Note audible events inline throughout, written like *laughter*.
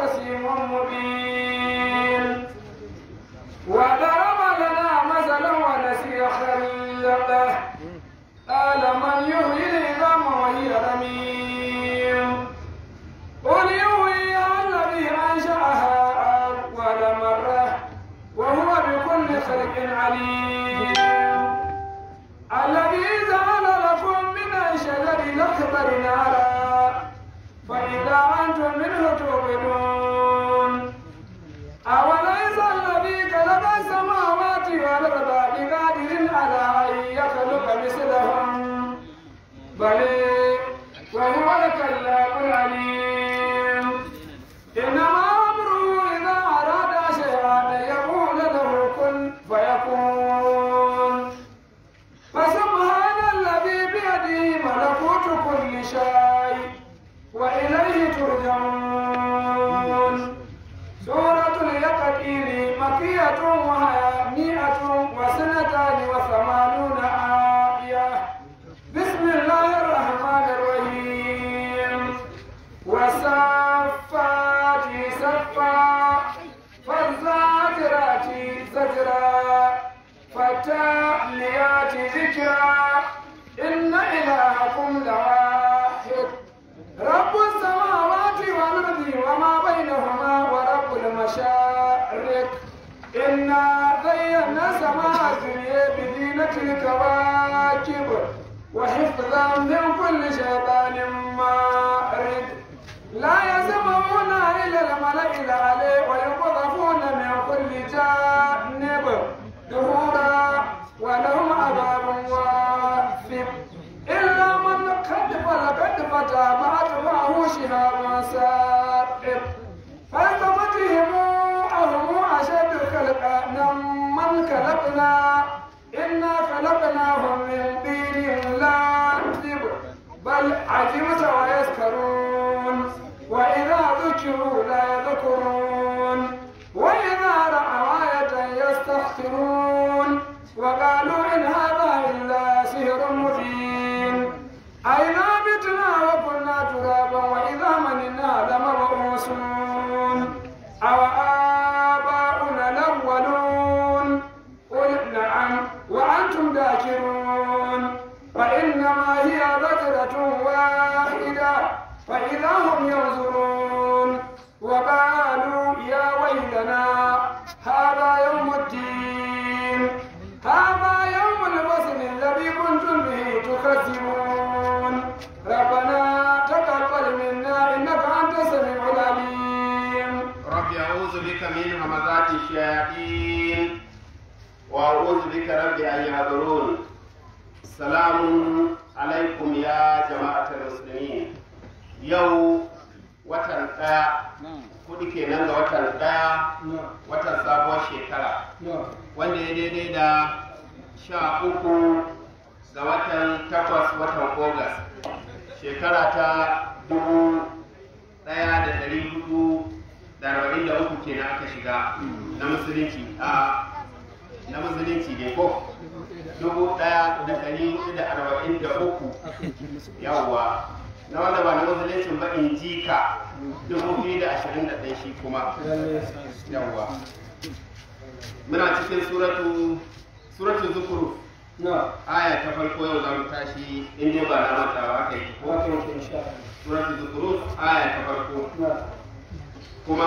我希望我们。sha uku ga watan takwas watan ogas shekara ta dubu ɗaya da ɗari hudu da arba'in da uku kenan aka shiga na musulunci a na musulunci ne ko dubu ɗaya da ɗari da arba'in da uku yawwa na wanda ba na musuluncin ba in ji ka dubu biyu da ashirin da ɗaya shi kuma yawwa muna cikin suratu suratul zukuru, na aya ta farko yau za mu tashi in dai ba na mata ba aka yi ko suratul zukuru, aya ta farko kuma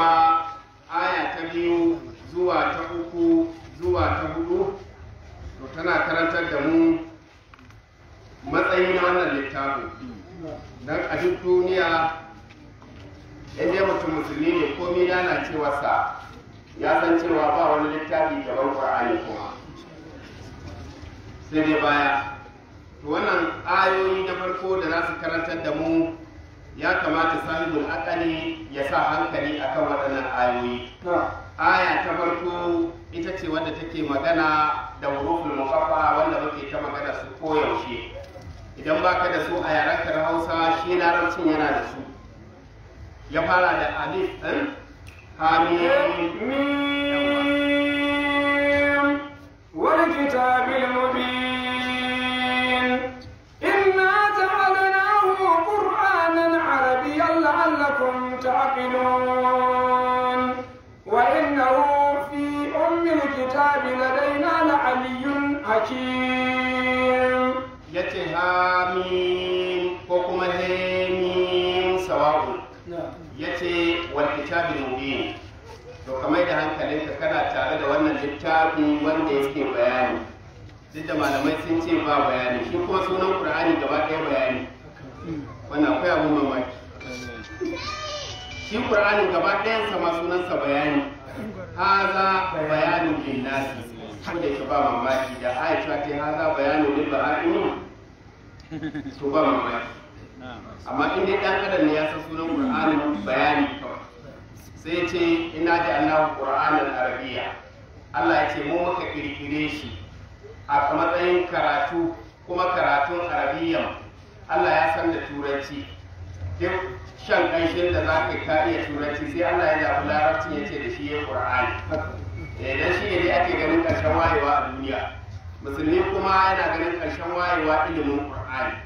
aya ta biyu zuwa ta uku zuwa ta hudu to tana karantar da mu matsayin wannan littafin Dan a duk duniya in dai mutum musulmi ne komi lalacewarsa ya san cewa ba wani littafi gaban ƙur'ani kuma sai dai baya to wannan ayoyi na farko da za su karantar da mu ya kamata sahibul akali ya sa hankali akan waɗannan ayoyi aya ta farko ita ce wanda take magana da huruful mafafa wanda muke ta magana su koyaushe idan baka da su a yaren hausa shi larabcin yana da su ya fara da alif din eh? hamim wal kitabil mubin لعلكم تعقلون وإنه في أم الكتاب لدينا لعلي حكيم يتهامين وكما هيمين سواء yace wal kitabil mubin to kamar da hankalinka kana tare da wannan littafin wanda yake bayani duk da malamai sun ce ba bayani shi kuma sunan qur'ani gaba ɗaya bayani wannan akwai abun mamaki shi ƙur'anin gaba ɗayansa ma sunansa bayani haza bayanin lillahi wanda ya ba mamaki da aisha ta haza bayanin lil ba'inu to ba mamaki amma in dai ƙadar adam ne ya san sunan ƙur'anin bayani kawai sai ce ina da annahu ƙur'anin arabiya Allah ya ce mu muka kirkire shi a matsayin karatu kuma karatun arabiyan Allah ya san da turanci shan ƙanshin da za ka kariya turanci sai Allah ya zafi larabci ya ce da shi ya ƙur'ani idan eh, shi ne ake ganin ƙarshen wayewa a duniya musulmi kuma yana ganin ƙarshen wayewa ilimin ƙur'ani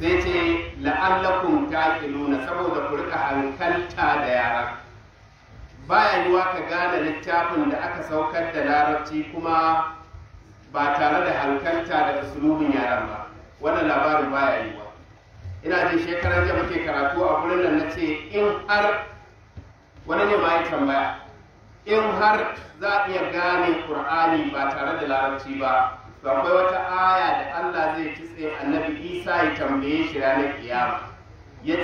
sai ce la'allakum nuna saboda ku hankalta da yara baya yiwa ka gane littafin da aka saukar da larabci kuma ba tare da hankalta da usulubin yaran ba wannan labarin baya yiwa ina jin shekarar jama muke karatu a wurin nan na ce in har wani ne ma ya tambaya in har za a iya gane Kur'ani ba tare da larabci ba to akwai wata aya da Allah zai tsaye annabi Isa ya tambaye shi ranar kiyama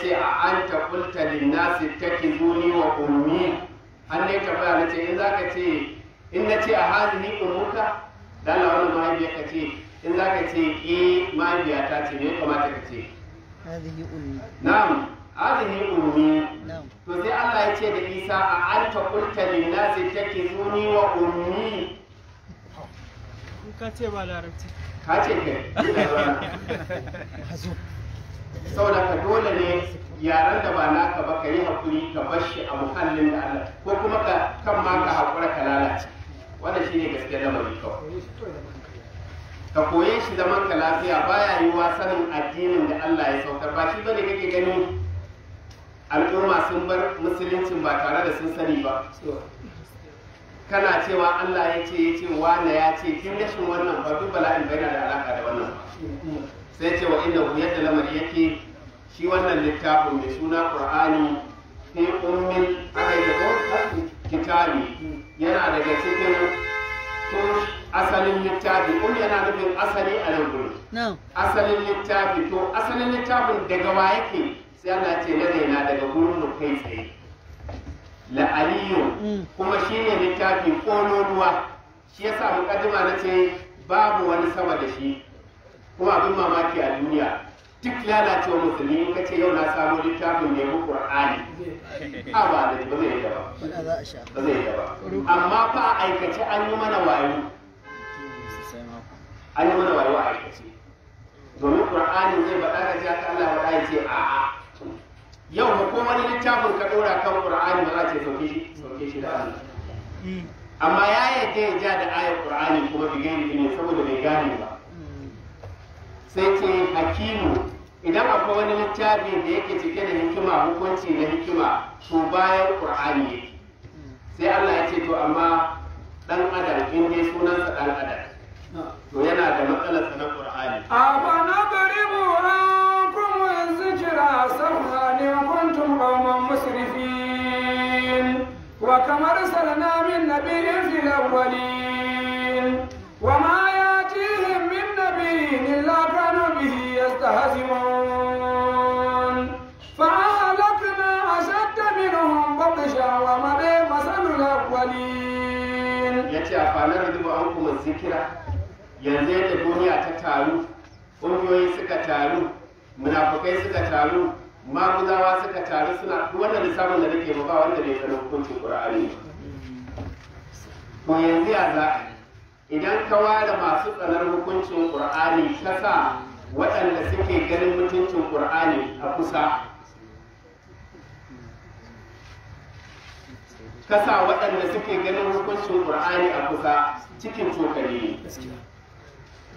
ce a anta qulta ta nasi zuni wa ummi an ne tambaya ce in ka ce in na ce a hadhihi ummuka dan Allah wani mahaifiya ka ce in za ka ce eh mahaifiyata ce me kamata ka ce هذه أمي نعم هذه أمي نعم فزي الله يتيد إيسا أنت قلت للناس اتكذوني وأمي kace ba larabci kace kai saboda ka dole ne yaren da ba naka ba ka yi hakuri ka bar shi a muhallin da Allah ko kuma ka kan ma ka hakura ka lalace wannan shine gaskiya da mai kawai ka koye shi zaman ka lafiya baya wa sanin addinin da Allah ya saukar ba shi bane kake gani al'umma sun bar musuluncin ba tare da sun sani ba kana cewa Allah ya ce ya ce na ya ce kin rashin wannan ba duk bala'in bai da alaka da wannan sai ce wa inna yadda lamari yake shi wannan littafin mai suna Qur'ani fi ummin ayyukum kitabi yana daga cikin asalin littafi kun yana nufin asali a nan gurin asalin littafi to asalin littafin daga wa yake sai ana ce na daina daga gurin kai tsaye la'aliyu aliyu mm. kuma shine littafi kololuwa shi ya yasa mukaddima na ce babu wani sama da shi kuma abin mamaki a duniya duk lalacewa musulmi in ce yau na samu littafin ne mu qur'ani a ba da ba zai yi ba ba zai yi ba amma fa aikace an yi mana wayo an yi mana wayo a aikace domin qur'anin zai faɗa ka ji ta Allah faɗa ya ce a'a yau mu ko wani littafin ka dora kan qur'ani ba za ta sauke shi da Allah amma ya yi ya ja da ayar qur'ani kuma bi gani ne saboda bai gane ba sai ce hakimu idan akwai wani littafin da yake cike da hikima hukunci da hikima to bayan qur'ani yake sai Allah ya ce to amma dan adam in dai sa dan adam to yana da matsalarsa na qur'ani afa nadribu ankum zikra ne kuntum qauman musrifin wa kam arsalna min nabiyyin fil awwalin wa ma yatihim min nabiyyin illa kanu bihi yastahzi'un فأهلكنا أشد منهم بطشا ومضي مثل الأولين. يأتي yanzu yadda duniya ta taru ƙungiyoyi suka taru munafukai suka taru maguzawa suka taru suna wannan lissafin da nake ba wanda ne sanin hukuncin ƙur'ani to yanzu ya za idan ka ware masu tsanar hukuncin ƙur'ani ta sa waɗanda suke ganin mutuncin ƙur'ani a kusa ka sa waɗanda suke ganin hukuncin ƙur'ani a kusa cikin cokali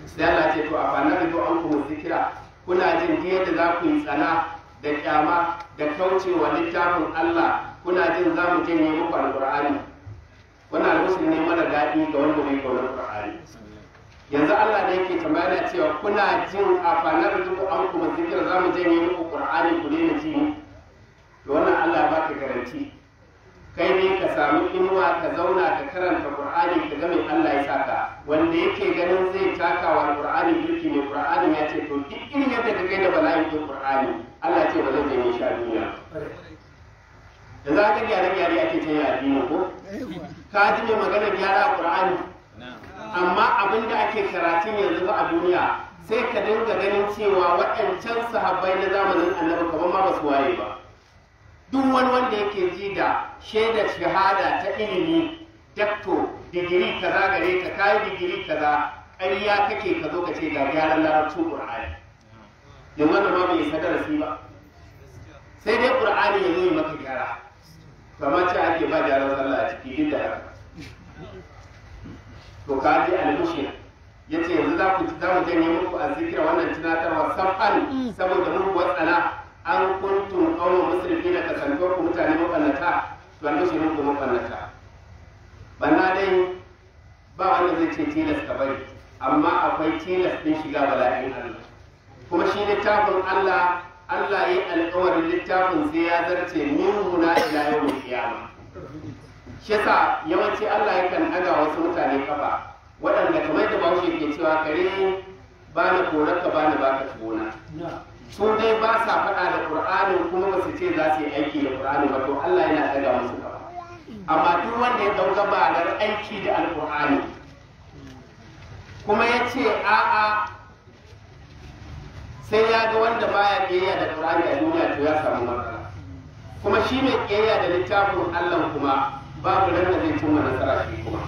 sai Allah ce to a fana da to an kuma zikira kuna jin yadda za ku yi tsana da kyama da wa littafin Allah kuna jin za mu janye muku alqur'ani da almusulmi ne mara daɗi ga wanda bai kauna alqur'ani yanzu Allah da yake tambaya cewa kuna jin a fana da to an kuma zikira za mu janye muku qur'ani ku ne ji to wannan Allah ya baka garanti kai ne ka samu inuwa ka zauna ka karanta qur'ani ka ga mai Allah ya saka wanda yake ganin zai taka wa qur'ani duki ne qur'ani ya ce to duk ilimin ka kai da bala'i ko qur'ani Allah ce ba zan yi shi a duniya da za ka gyara gyara ake ce ya addini ko ka ji mai magana gyara qur'ani amma abin da ake karatun yanzu ba a duniya sai ka dinga ganin cewa waɗancan sahabbai na zamanin annabi kamar ma ba su waye ba duk wani wanda yake ji da shaidar shahada ta ilimi dakto digiri kaza gare ka kayi digiri kaza ƙarya kake ka zo ka ce ga gyaran larabcin ƙur'ani yanzu wannan ma bai sadar darasi ba sai dai ƙur'ani ya zo maka gyara kamar ce ake ba gyaran sallah a ciki duk da haka to ka ji almushir yace yanzu za ku mu janye muku zikira wannan tunatarwa sab'an saboda mun watsana an kuntum musulmi da kasantuwar ku mutane maballata to an kashe ku banna dai ba wanda zai ce tilas ka bari amma akwai tilas din shiga bala'in Allah kuma shi littafin Allah Allah yi alƙawarin littafin sai ya zarce min muna ila yawmin qiyama shi yasa yawanci Allah yakan ɗaga wasu mutane kafa waɗanda kamar da Bahaushe ke cewa kare ba na ka ba na baka tsona su dai ba sa faɗa da ƙur'anin kuma ba ce za su yi aiki da ƙur'ani ba to Allah yana daga musu gaba amma duk wanda ya ba balar aiki da alƙur'ani kuma ya ce a'a sai ya ga wanda baya ƙiyayya da ƙur'ani a duniya to ya samu matsala kuma shi mai ƙiyayya da littafin Allah kuma babu ran da zai cimma nasara shi kuma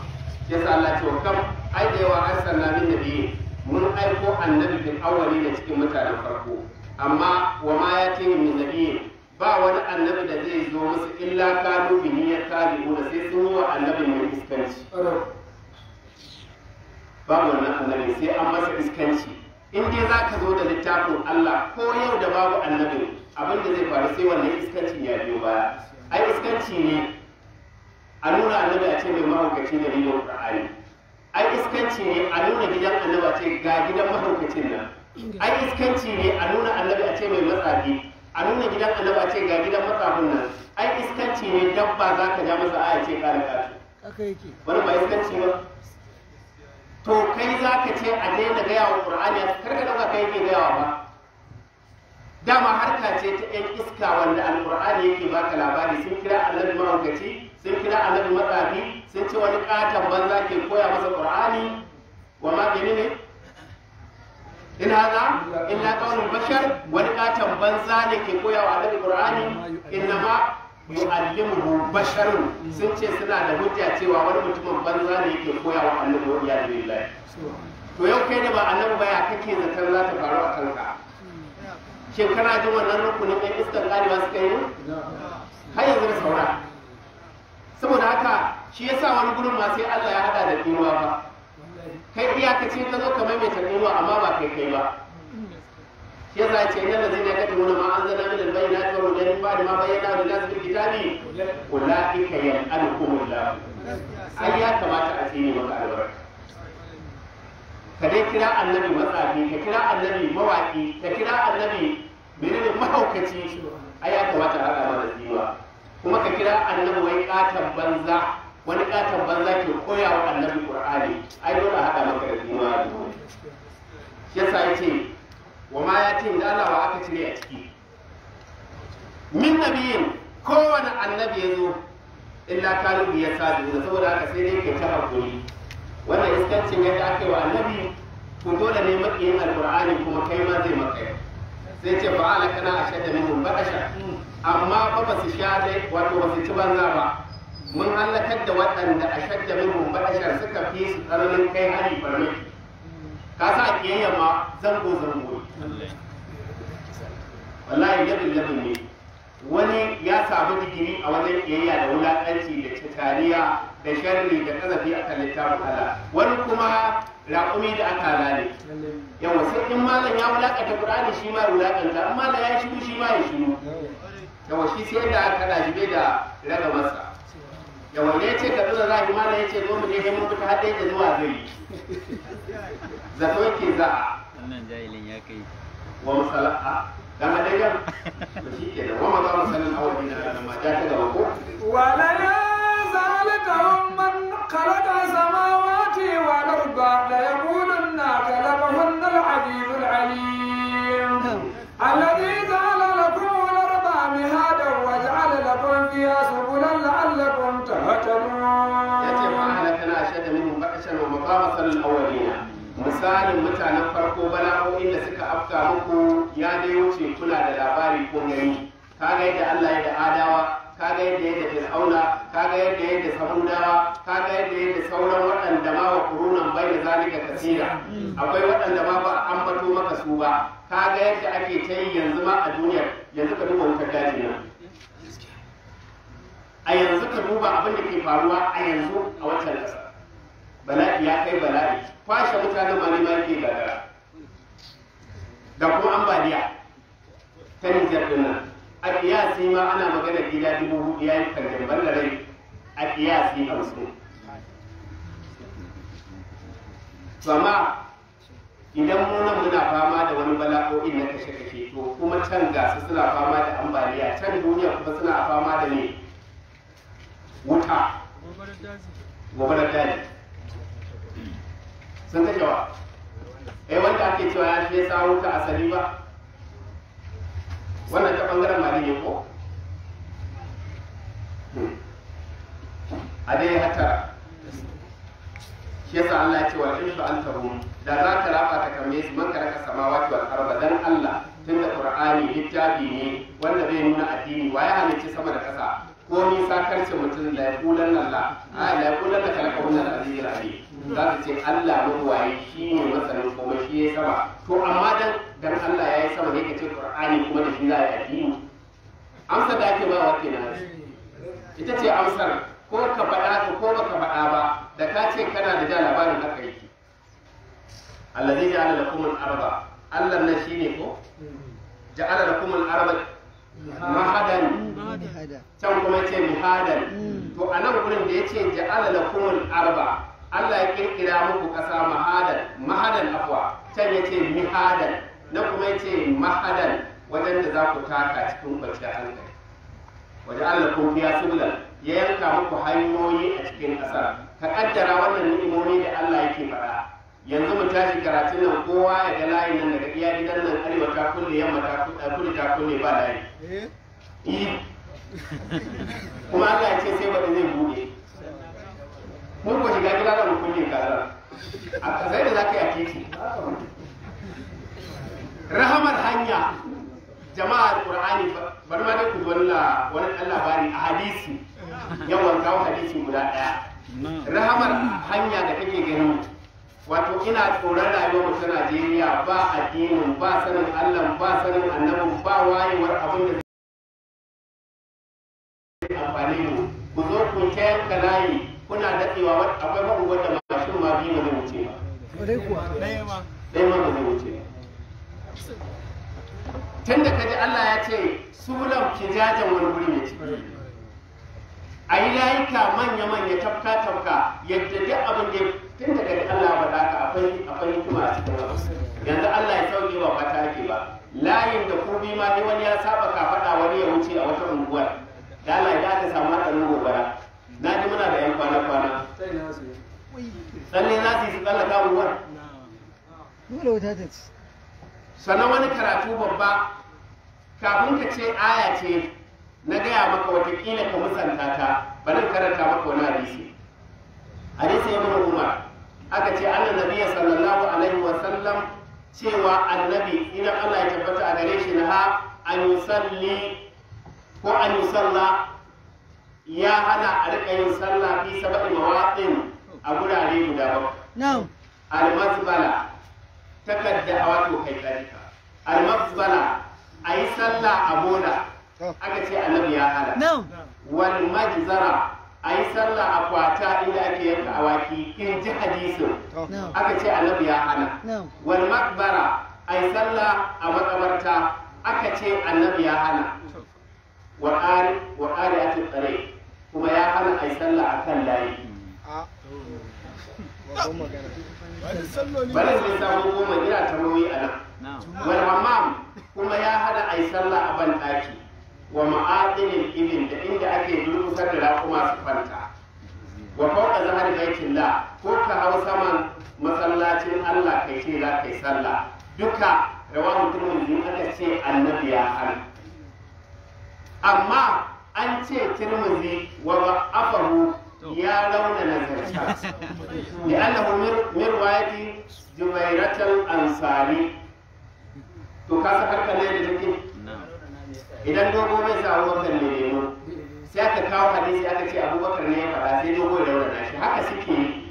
Ya sa Allah ce wa kam ai da yawa an sanna min nabi mun aiko annabi bin awwali da cikin mutanen farko amma wa ma ya ce min nabiyin ba wani annabi da zai zo musu illa ka dubi niyyar kazibu da sai sun yi wa annabi mai iskanci ba wannan annabi sai an masa iskanci in dai za ka zo da littafin Allah ko yau da babu annabi abin da zai faru sai wannan iskancin ya biyo baya ai iskanci ne a nuna annabi a ce mai mahaukaci ne rigar Qur'ani ai iskanci ne a nuna gidan annabi a ce ga gidan mahaukacin nan an iskanci ne a nuna annabi a ce mai matsafi a nuna gidan annabi a ce ga gidan matsafin nan an iskanci ne dabba za ka ja masa aya ce kare kare wani ba iskanci ba to kai za ka ce a daina gaya wa ƙur'ani kar ka ɗauka kai ke gaya ba dama harka ce ta ƴan iska wanda alkur'ani yake baka labari sun kira annabi mahaukaci sun kira annabi matsafi sun ce wani ƙaton banza ke koya masa qur'ani wa ma ne in haza illa qaulul bashar wani katon banza da ke koyawa da qur'ani innama yu'allimuhu basharun sun ce suna da hujja cewa wani mutumin banza ne yake koyawa annabi ya billahi to yau kai da ba annabi ba ya kake zaton za ta faru a kanka shin kana jin wannan rukunin ɗan iskar ƙarewa suka yi har yanzu da saura saboda haka shi yasa wani gurin masu sai Allah ya hada da kiwa ba kai iyakaci ka zo ka maimaita ruwa amma ba kai kai ba shi yasa ce nan da zina kata wani ma an zana min albayi na wani da ba da ma bayyana da nasu bil kitabi ulaika da. sai ya kamata a tsine maka albarka ka dai kira annabi matsafi ka kira annabi mawaki ka kira annabi menene mahaukaci ai ya kamata a haɗa ma tsiwa kuma ka kira annabi wai katon banza wani katon banza ke koya wa annabi qur'ani ai dole haɗa maka da kuma shi yasa yace wa ma ya ce da Allah wa aka cire a ciki min nabiyin kowane annabi ya zo illa kalu bi ya sadu saboda haka sai dai ke ta hakuri wannan iskancin yadda aka yi wa annabi ku dole ne yin alqur'ani kuma kai ma zai maka sai ce ba ala kana da minhum ba amma ba su sha dai wato ba su ci banza ba mun halakar da waɗanda a shadda minhum bashar suka fi su tsananin kai hari farmaki ka sa kiyayya ma zango zango wallahi yadin yadin ne wani ya samu digiri a wajen kiyayya da wulaƙanci da citaniya da sharri da kazafi a kan littafin Allah wani kuma raƙumi da aka lale yawa sai in malam ya wulaƙanta Qur'ani shi ma wulaƙanta amma da ya shiru shi ma ya shiru yawa shi sai da aka kaɗa shi da raga masa da wanda ya ce kaduna za ki mala ya ce mun da zuwa zai zato yake za a wannan jahilin ya kai wa musalaha dan hadayyar shi ke da wa ma za sanin awali na da ma ta gaba ko wala ya zalika man khalaqa samawati wa arda la yakununna kalabahun al-azizul alim *laughs* alladhi zala lakum al لكم فيها سبلا لعلكم تهتدون يتي ما أهلكنا أشد منهم بأسا ومقامة الأولين misalin mutanen farko bala'o'in da suka afka muku ya dai wuce kuna da labari ko gani kaga yadda Allah ya da adawa kaga yadda yadda fir'auna kaga yadda yadda samudawa kaga yadda yadda sauran waɗanda ma wa kurunan bai da zalika kasira akwai waɗanda ma ba an bato maka su ba kaga yadda ake ta yanzu ma a duniya yanzu ka duba wutar daji ka duba abin da ke faruwa a yanzu a wata nasa bala'i ya kai bala'i kwashe ba ne ba ke gagara da kuma ambaliya ta nijar dinnan a kiyasi ma ana magana gida dubu hudu ya yi kankan ballare a kiyasi hamsin sama idan muna muna fama da wani bala'o'i na kashe-kashe to kuma can gasu suna fama da ambaliya can duniya kuma suna fama da ne wuta gobarar daji sun ta jawa eh wanda ake cewa ya fiye sa wuta asali ba wannan ta bangaren mali ne ko hmm. a dai hata shi yasa Allah ya ce wa in an tarum da za ka rafa ta kame su man karaka samawati wal arba dan Allah tunda Qur'ani littafi ne wanda zai nuna addini wa ya halicci sama da ƙasa ko ni sa karce mutum la kulan Allah a la yaqulan ka la qawlan azizul alim za su ce Allah mawaye shi ne masanin kuma shi ya sama to amma dan dan Allah ya yi sama ne ka ce Qur'ani kuma da shi za a yi amsa da ake ba wake na ita ce amsar ko ka faɗa ka ko baka faɗa ba da ka ce kana da ja labarin haka yake allazi ja'ala lakum al-arda Allah nan shine ko ja'ala lakum al-arda mahadan can kuma ce mihadan mm. to a nan wurin da ya ce ja'ala lakumul arba Allah ya kirkira muku ƙasa mahadan mahadan afwa can ya ce mihadan na kuma ya ce mahadan wajen da za ku taka cikin kwanciyar hankali waje Allah kun fiya sulan ya yanka muku hanyoyi a cikin ƙasar ka ƙaddara wannan ni'imomi da Allah yake faɗa yanzu mu tashi karatun nan kowa ya ga layin nan daga iya gidan nan arewa ta kulle yamma ta kulle ta kulle ba layi eh? kuma Allah ya ce sai wani zai buɗe mun ko shiga gidan da mu kulle kaza a kasai da zaka yi a titi rahamar hanya jama'ar alqur'ani bari ma dai ku walla wani Allah bari a hadisi yawan kawo hadisi guda daya rahamar hanya da kake gani wato ina tsoron rayuwar ta Najeriya ba addinin ba sanin Allah ba sanin annabi ba wayewar abin da zai amfani mu ku zo ku kayan kalayi kuna daɗewa akwai mabubuwan da mashin ma bi mu zai wuce ba. dai ma ba wuce Tun da kaji Allah ya ce ki kijajen wani guri mai ciki. A yi layuka manya-manya tafka-tafka yadda duk abin da tun daga da Allah ba za ka akwai akwai hikima a cikin wasu yanzu Allah ya sauke wa mata ake ba layin da ku bi ma dai wani ya saba ka faɗa wani ya wuce a wata unguwar da Allah ya ka samu hatsarin gobara na ji muna da 'yan kwana-kwana tsalle na su yi tsallaka unguwar dole wata ta ci sannan wani karatu babba kafin ka ce aya ce na gaya maka watakila ka musanta ta bari karanta maka wani hadisi hadisi ya mana umar aka ce annan nabiya sallallahu alaihi wa sallam cewa annabi idan Allah ya tabbata a gare shi na an yusalli ko an yusalla ya hana a riƙa yin sallah fi sab'i mawaqin a gurare guda ba na'am al-masbala takadda wato kai dalika al-masbala ayi sallah a bola aka ce annabi ya hana wal majzara Ayi sallah a kwata inda ake yin awaki kin ji hadisi aka ce annabi ya hana wal makbara a yi sallah a makabarta aka ce annabi ya hana wa ari wa tsare kuma ya hana ai sallah a kan layi bari sai samu goma gida ta mawuyi a nan wal hammam kuma ya hana ai sallah a ban ɗaki wa ma'adinin ibil da inda ake durkusar da raƙuma su kwanta wa fawqa zahar la ko ka hau saman masallacin Allah kai ce za kai sallah duka rawahu tirmidhi aka ce annabi ya hana amma an ce tirmizi wa ba'afahu ya launa na nazarta li'annahu min riwayati jubairatul ansari to ka sakar ne da take idan dogo bai sa abubakar ne nemo sai aka kawo hadisi aka ce abubakar ne ya faɗa sai dogo ya raunana shi haka suke yi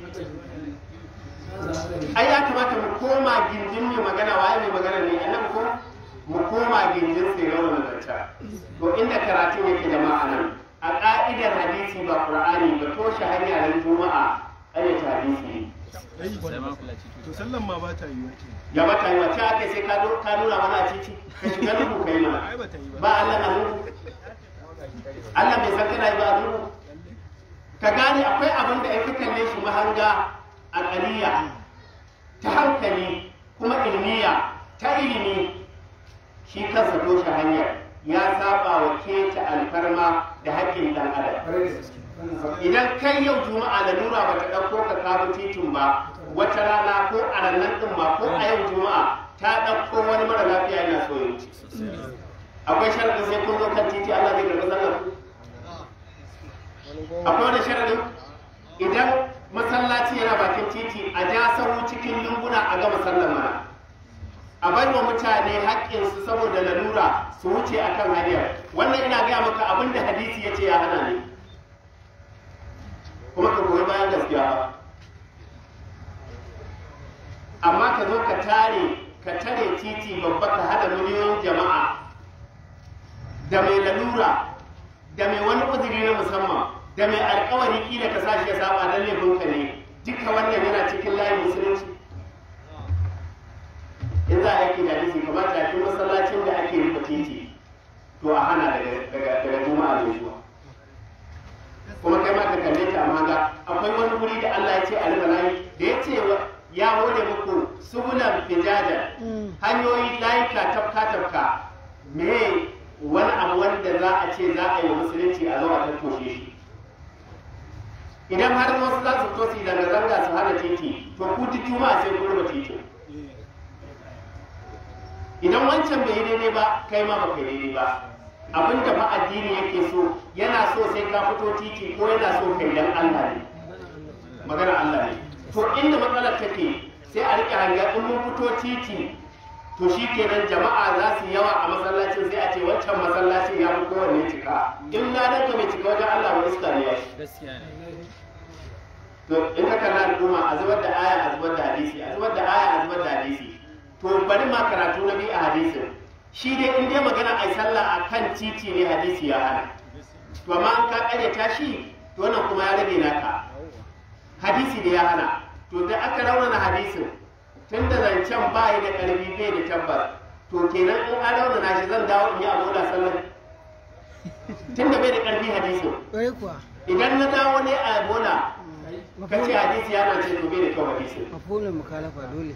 ai ya kamata mu koma gindin mai magana waye mai magana ne annabi ko mu koma gindin sai raunana zanta to inda karatu yake da nan a ka'idar hadisi ba qur'ani ba toshe hanyar juma'a ayyata hadisi to sallan ma ba ta yiwa ke ya ba ta yiwa ce aka sai ka nuna mana a cici ka rubu ka yi ba Allah na rubu Allah bai san kana yi ba rubu ka gane akwai abin da ake kalle shi mahanga a ƙariya ta hankali kuma ilmiya ta ilimi shi kansa toshe hanyar ya saba wa keta alfarma da haƙƙin ɗan adam idan kai yau juma'a nura ba ta ɗauko ka kawo titin ba wata rana ko a ranar ɗin ma ko a yau juma'a ta ɗauko wani mara lafiya yana so ya akwai sharadin sai kun zo kan titi Allah zai karɓi sallar akwai wani sharadin idan masallaci yana bakin titi a ja sahu cikin lunguna a gama sallar mana a bar wa mutane haƙƙinsu saboda lalura su wuce a kan hanyar wannan ina gaya maka abin da hadisi ya ce ya hana ne kuma ka koyi bayan gaskiya amma ka zo ka tare ka tare titi babba ka hada miliyoyin jama'a da mai lalura da mai wani uzuri na musamman da mai alkawari kila ka sashi ya saba don laifinka ne duka wannan yana cikin layin musulunci in za a aiki da nufi kamar da masallacin da ake rufe titi to a hana daga juma'a zai zuwa kuma kai ma ka kalle ta amma ga akwai wani wuri da Allah ya ce a rufe layi da ya ce ya hode muku fija fijaja mm. hanyoyi layuka tafka tafka me wani abu wanda za a ce za a yi wa musulunci a zama ta toshe shi idan har wasu za su zo su zanga-zanga su hana titi to ku juma'a sai ku rufe titi idan wancan bai yi daidai ba kai ma ba daidai ba abin da addini yake so yana so sai ka fito titi ko yana so kai dan Allah ne magana Allah ne to inda matsalar take sai a rike hanga in mun fito titi to shi nan jama'a za su yawa a masallacin sai a ce wancan masallacin ya fi kowanne cika in ladan ka mai cika wajen Allah ya iska ne ya to in ka kalla al'umma a zubar da aya a zubar da hadisi a zubar da aya a zubar da hadisi to bari ma karatu na biyu a hadisin shi dai in dai magana a sallah a kan titi ne hadisi ya hana to amma an ka karyata shi to wannan kuma ya rage naka hadisi ne ya hana to da aka raunana hadisin tun da zancen bayi da ƙarfi bai da tabbas to kenan in an raunana shi zan dawo in yi abu da sallar tun da bai da ƙarfi hadisin idan na dawo ne a bola ka ce hadisi ya mace to bai da kyau hadisin. mafulin mukalafa dole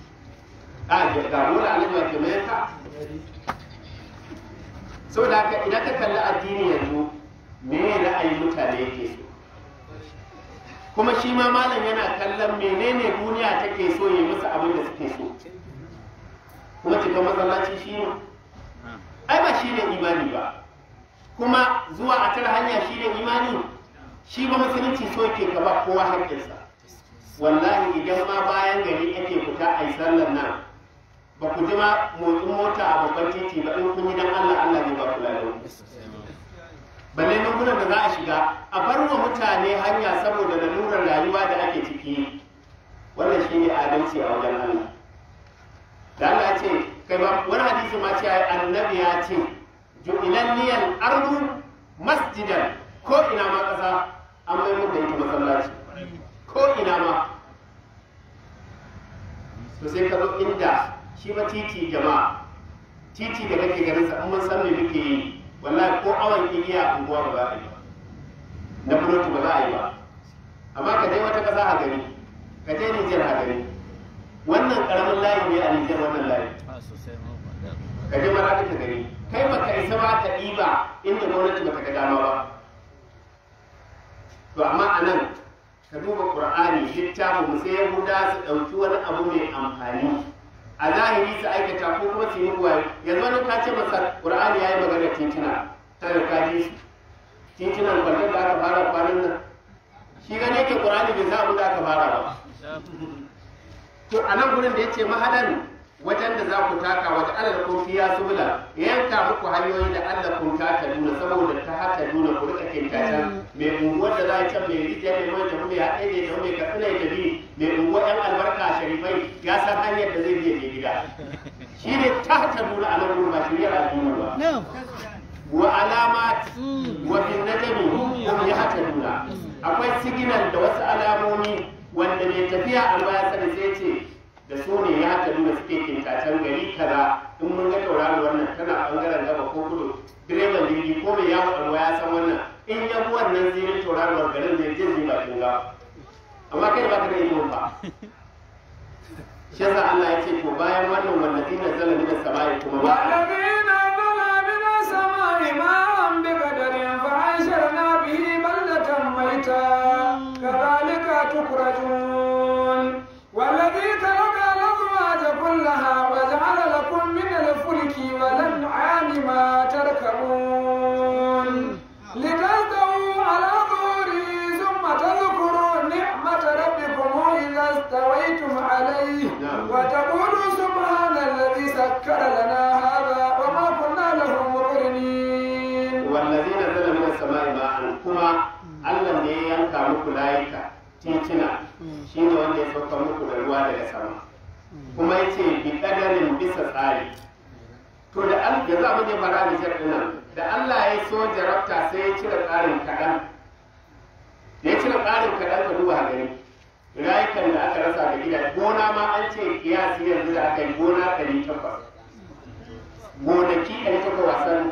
a damuwar annabi wato mai haka idan ka kalli addini yanzu mene ra'ayin mutane ke? kuma shi ma malam yana kallon menene duniya take so ya musu abin da suke so kuma cikin masallaci shi ne ai ba shi ne imani ba kuma zuwa a tara hanya shi ne imani shi ba musulunci so ke ka ba kowa haƙƙinsa wallahi idan ma bayan gari ake fita a yi sallar nan ba ku ji motsin mota a babban titi ba in kun yi dan Allah Allah ne ba ku ba. balle lungunan da za a shiga a bar wa mutane hanya saboda lalurar rayuwa da ake ciki wannan shi ne adalci a wajen Allah da Allah ya ce kai ba wani hadisi ma ce annabi ya ce ju'ilan niyan ardu masjidan ko ina ma kasa an bai mun da ita masallaci ko ina ma to sai ka zo inda shi ba titi jama'a titi da kake ganin sa mun san me muke yi wallahi ko awan igiya unguwa ba za a yi na buroti ba za a yi ba amma ka je wata kasa a gari ka je Nijar a gari wannan karamin layi ne a Nijar wannan layi ka je Maradi ka gari kai ba ka isa ba ka ɗiba inda gwamnati ba ka ga dama ba to amma a nan ka duba ƙur'ani littafin sai yahuda su ɗauki wani abu mai amfani a zahiri su aikata ko kuma su yi ruwaye yanzu wani ka ce masa ya yi magana titina tare ka ji su titinan kwallon da aka fara kwanan nan shi gane yake qur'ani bai mu da aka fara ba to a nan gurin da ya ce mahadan wajen da za ku taka wa da alal ya fiya subula yanka muku hanyoyi da Allah kun taka nuna saboda ta haka nuna ku rika kinkata mm. mai unguwar da za a can mai rijiya mai mai tafi ya haɗe ne da mai katsina ya tafi mai unguwar 'yan albarka sharifai ya san hanyar da zai biya ne gida shi ne ta haka nuna a nan ba shirya a duniya ba wa alamat mm. wa bin najmi hum ya haka nuna mm. akwai signal da wasu alamomi wanda mai tafiya alba ya sani sai ce da su ne ya haka nuna suke kintacen gari kaza in mun ga tauraro wannan tana bangaren gaba ko kudu direban jirgi ko mai yawon alwa ya san wannan in ya bi nan zirin tauraruwar garin zai je zai bakin ga amma kai ba ka da yi ba shi Allah ya ce ko bayan wannan wallazi na zala da samai kuma ba wallazi na zala كلها وجعل لكم من الفلك والأنعام ما تركبون لتستووا على ظهوره ثم تذكروا نعمة ربكم إذا استويتم عليه وتقولوا سبحان الذي سكر لنا هذا وما كنا له مقرنين والذي نزل من السماء ماء كما الذي ينكر مكلايك titina shi ne wanda ya sauka muku da ruwa yanzu abin da ya faru a Nijar nan da Allah ya so jarabta sai ya cire tsarin kaɗan da ya cire tsarin kaɗan ka duba gari rayukan da aka rasa da gida gona ma an ce kiyasi yanzu da aka yi gona ɗari takwas gonaki ɗari takwas wasan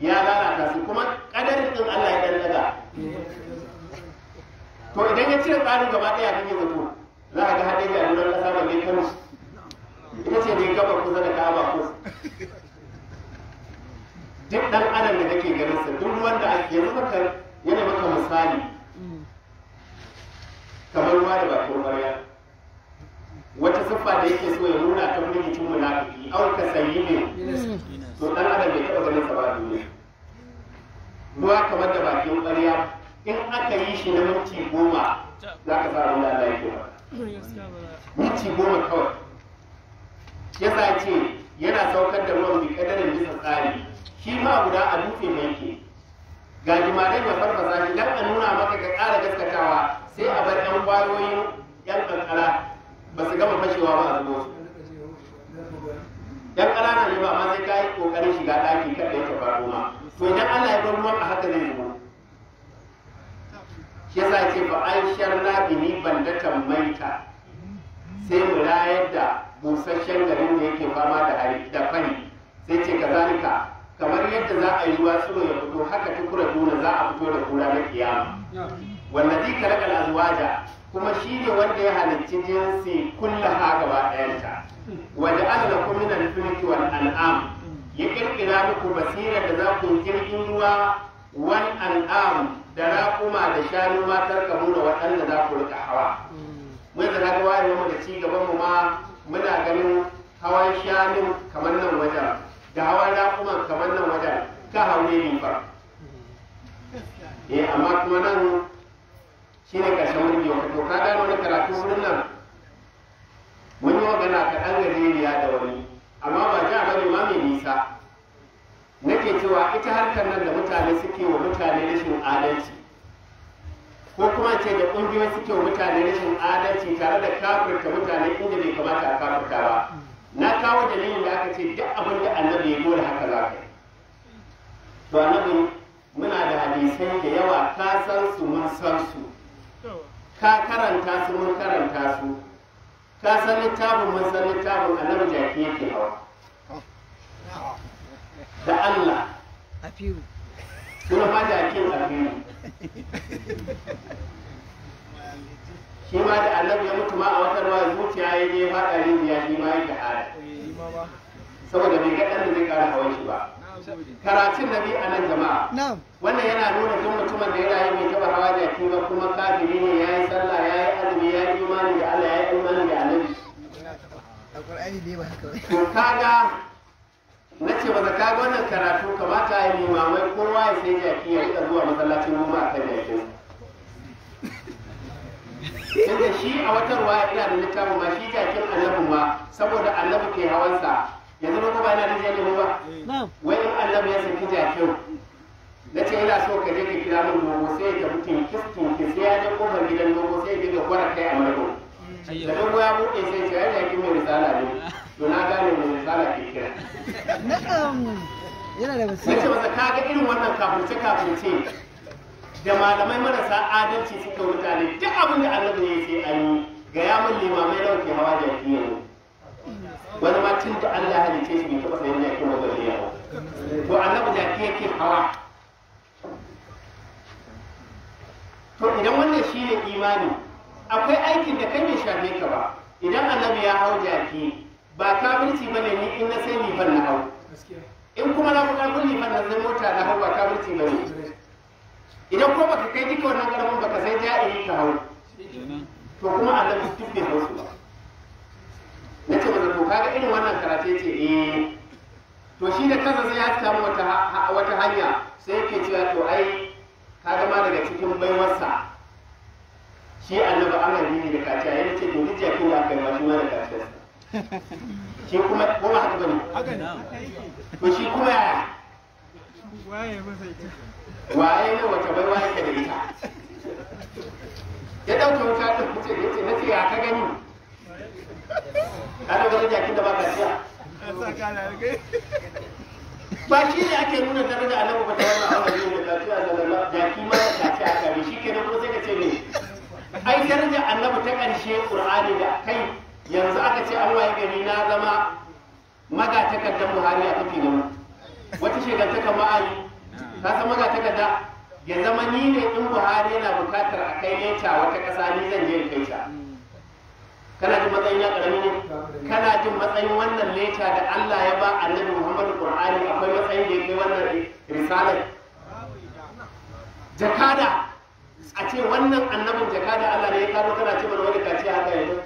ya lalata su kuma ƙadarin ɗin Allah ya ɗan daga to idan ya cire tsarin gaba ɗaya kan yi mutu za a ga haɗe da ƙasa ba ne kano ita ce ne gabar kusa da ka'aba ko duk ɗan adam da kake ganin sa duk wanda ake yanzu maka yana maka misali kamar ruwa da bakin barya wata siffa da yake so ya nuna ta wani mutum munafiki aw ka sayi ne to dan adam bai taba ganin sa ba duniya ruwa kamar da bakin barya in aka yi shi na minti goma za ka sa ruwa lafiya minti goma kawai ya ce yana saukar da ruwan bi kadarin bisa tsari shi ma guda a rufe mai ke ga limanan ya farfasa shi dan a nuna maka ka ƙara gaskatawa sai a bar yan kwayoyin yan kankara ba su gama fashewa ba a zubo yan ƙanana ne ba ma sai ka yi ƙoƙarin shiga ɗaki kada yake ba ma to idan Allah ya bar a haka zai zubo shi yasa ce ba an sharna bihi bandatan maita sai mu layar da busasshen garin da yake fama da fai fari sai ce kazalika kamar yadda za a yi ruwa tsiro ya fito haka tukura duna za a fito da kura na kiyama wanda zai karaka al'azwaja kuma shi ne wanda ya halicci jinsi ha gaba ɗayanta wanda an da kuma na nufin wani al'am ya kirkira muku basira da za ku jirgin ruwa wani al'am da raƙuma da shanu matar kamu da waɗanda za ku rika hawa mun da ga wayewa mu da ci gaban mu ma muna ganin hawan shanu kamar nan wajen gawar raƙuman kamar nan wajen ka haure ni ba eh amma kuma nan shi ne ka wani yau to ka gano wani karatu wurin nan mun yi magana kaɗan gajeriya da wani amma ba ja bane ma mai nisa nake cewa ita harkar nan da mutane suke wa mutane rashin adalci ko kuma ce da ƙungiyoyi suke wa mutane rashin adalci tare da kafirta mutane inda bai kamata a kafirta ba na kawo dalilin da aka ce duk abin da annabi ya gora haka za ka yi to annabi muna da hadisai da yawa ka san su mun san su ka karanta su mun karanta su ka san littafin mun san littafin annabi jaki yake hawa da Allah afiyu kuma ma kin afiyu shi ma da annabi ya mutu ma a wata ruwa zuciya ya je faɗa rijiya shi ma ya shahada saboda bai ga ɗan da zai ƙara hawan shi ba karatun da bi a nan jama'a wannan yana nuna duk mutumin da yana yi mai taɓa hawa jaki ba kuma kafiri ne ya yi sallah ya yi azumi ya yi imani da Allah ya yi imani da annabi to kaga na ce ba ka wannan karatu kamata ya mamai kowa ya sai jaki ya rika zuwa masallacin goma a kan yankin. yadda shi a wata ruwa ina da littafin ma shi jakin annabin ma saboda annabi ke hawansa yanzu ba kuma yana da jakin ba wai in annabi ya saki jakin na ce ina so ka je ka kira min dogo sai ya tafi tinkis tinkis sai ya je kofar gidan dogo sai ya je ga gwara kai a da dogo ya buɗe sai ce ya jakin mai misala ne to na gane mai misala ke kira yana da basira nace masa kaga irin wannan kafirce kafirce da malamai marasa adalci suka mutane duk abin da annabi ya ce a yi ga mun limamai nawa ke hawa da yau wani ma tun da Allah halice shi bai taɓa sayan jaki ba bai yawa to annabi jaki yake hawa to idan wannan shi ne imani akwai aikin da kan ya shafe ka ba idan annabi ya hau jaki ba kafirci ba ne ni in na sai ban na hau in kuma na kuɗa kun liman na zai mota na hau ba kafirci ba ne idan kuma baka kai duka wannan karamin baka sai ta yi ta hau to kuma a annabi duk bai hausu ba nace wanda to kaga irin wannan karatu ce eh to shi da kansa sai ya samu wata hanya sai yake cewa to ai ka gama daga cikin baiwarsa shi annabi Allah ne da kaciya yana ce to rijiya ko aka yi shi ma da kaciya *laughs* shi kuma ko ba haka bane to shi kuma yaya waye masa ita waye ne wace bai waye ka da ita ya dauke wuta ta fice da yace nace ya ka gani ana wani jakin da ba ka siya ba shi ne ake nuna daraja a annabi ba ta wannan awon yau da tafiya da lalla jaki ma ya tafi a kare shi kenan kuma sai ka ce ne ai daraja annabi ta ƙarshe qur'ani da kai yanzu aka ce an waye gari na zama magatakardan buhari a tafi da mu wata a ma'ani ta san maza takarda ya zama ni ne in buhari yana bukatar a kai neta wata ƙasa ni zan je in kai ta kana jin matsayin ya ƙarami ne kana jin matsayin wannan leta da allah ya ba annabi muhammadu qur'ani akwai matsayin da ya kai wannan risalar jakada a ce wannan annabin jakada allah ne ya kano tana ce mana wani kace haka yanzu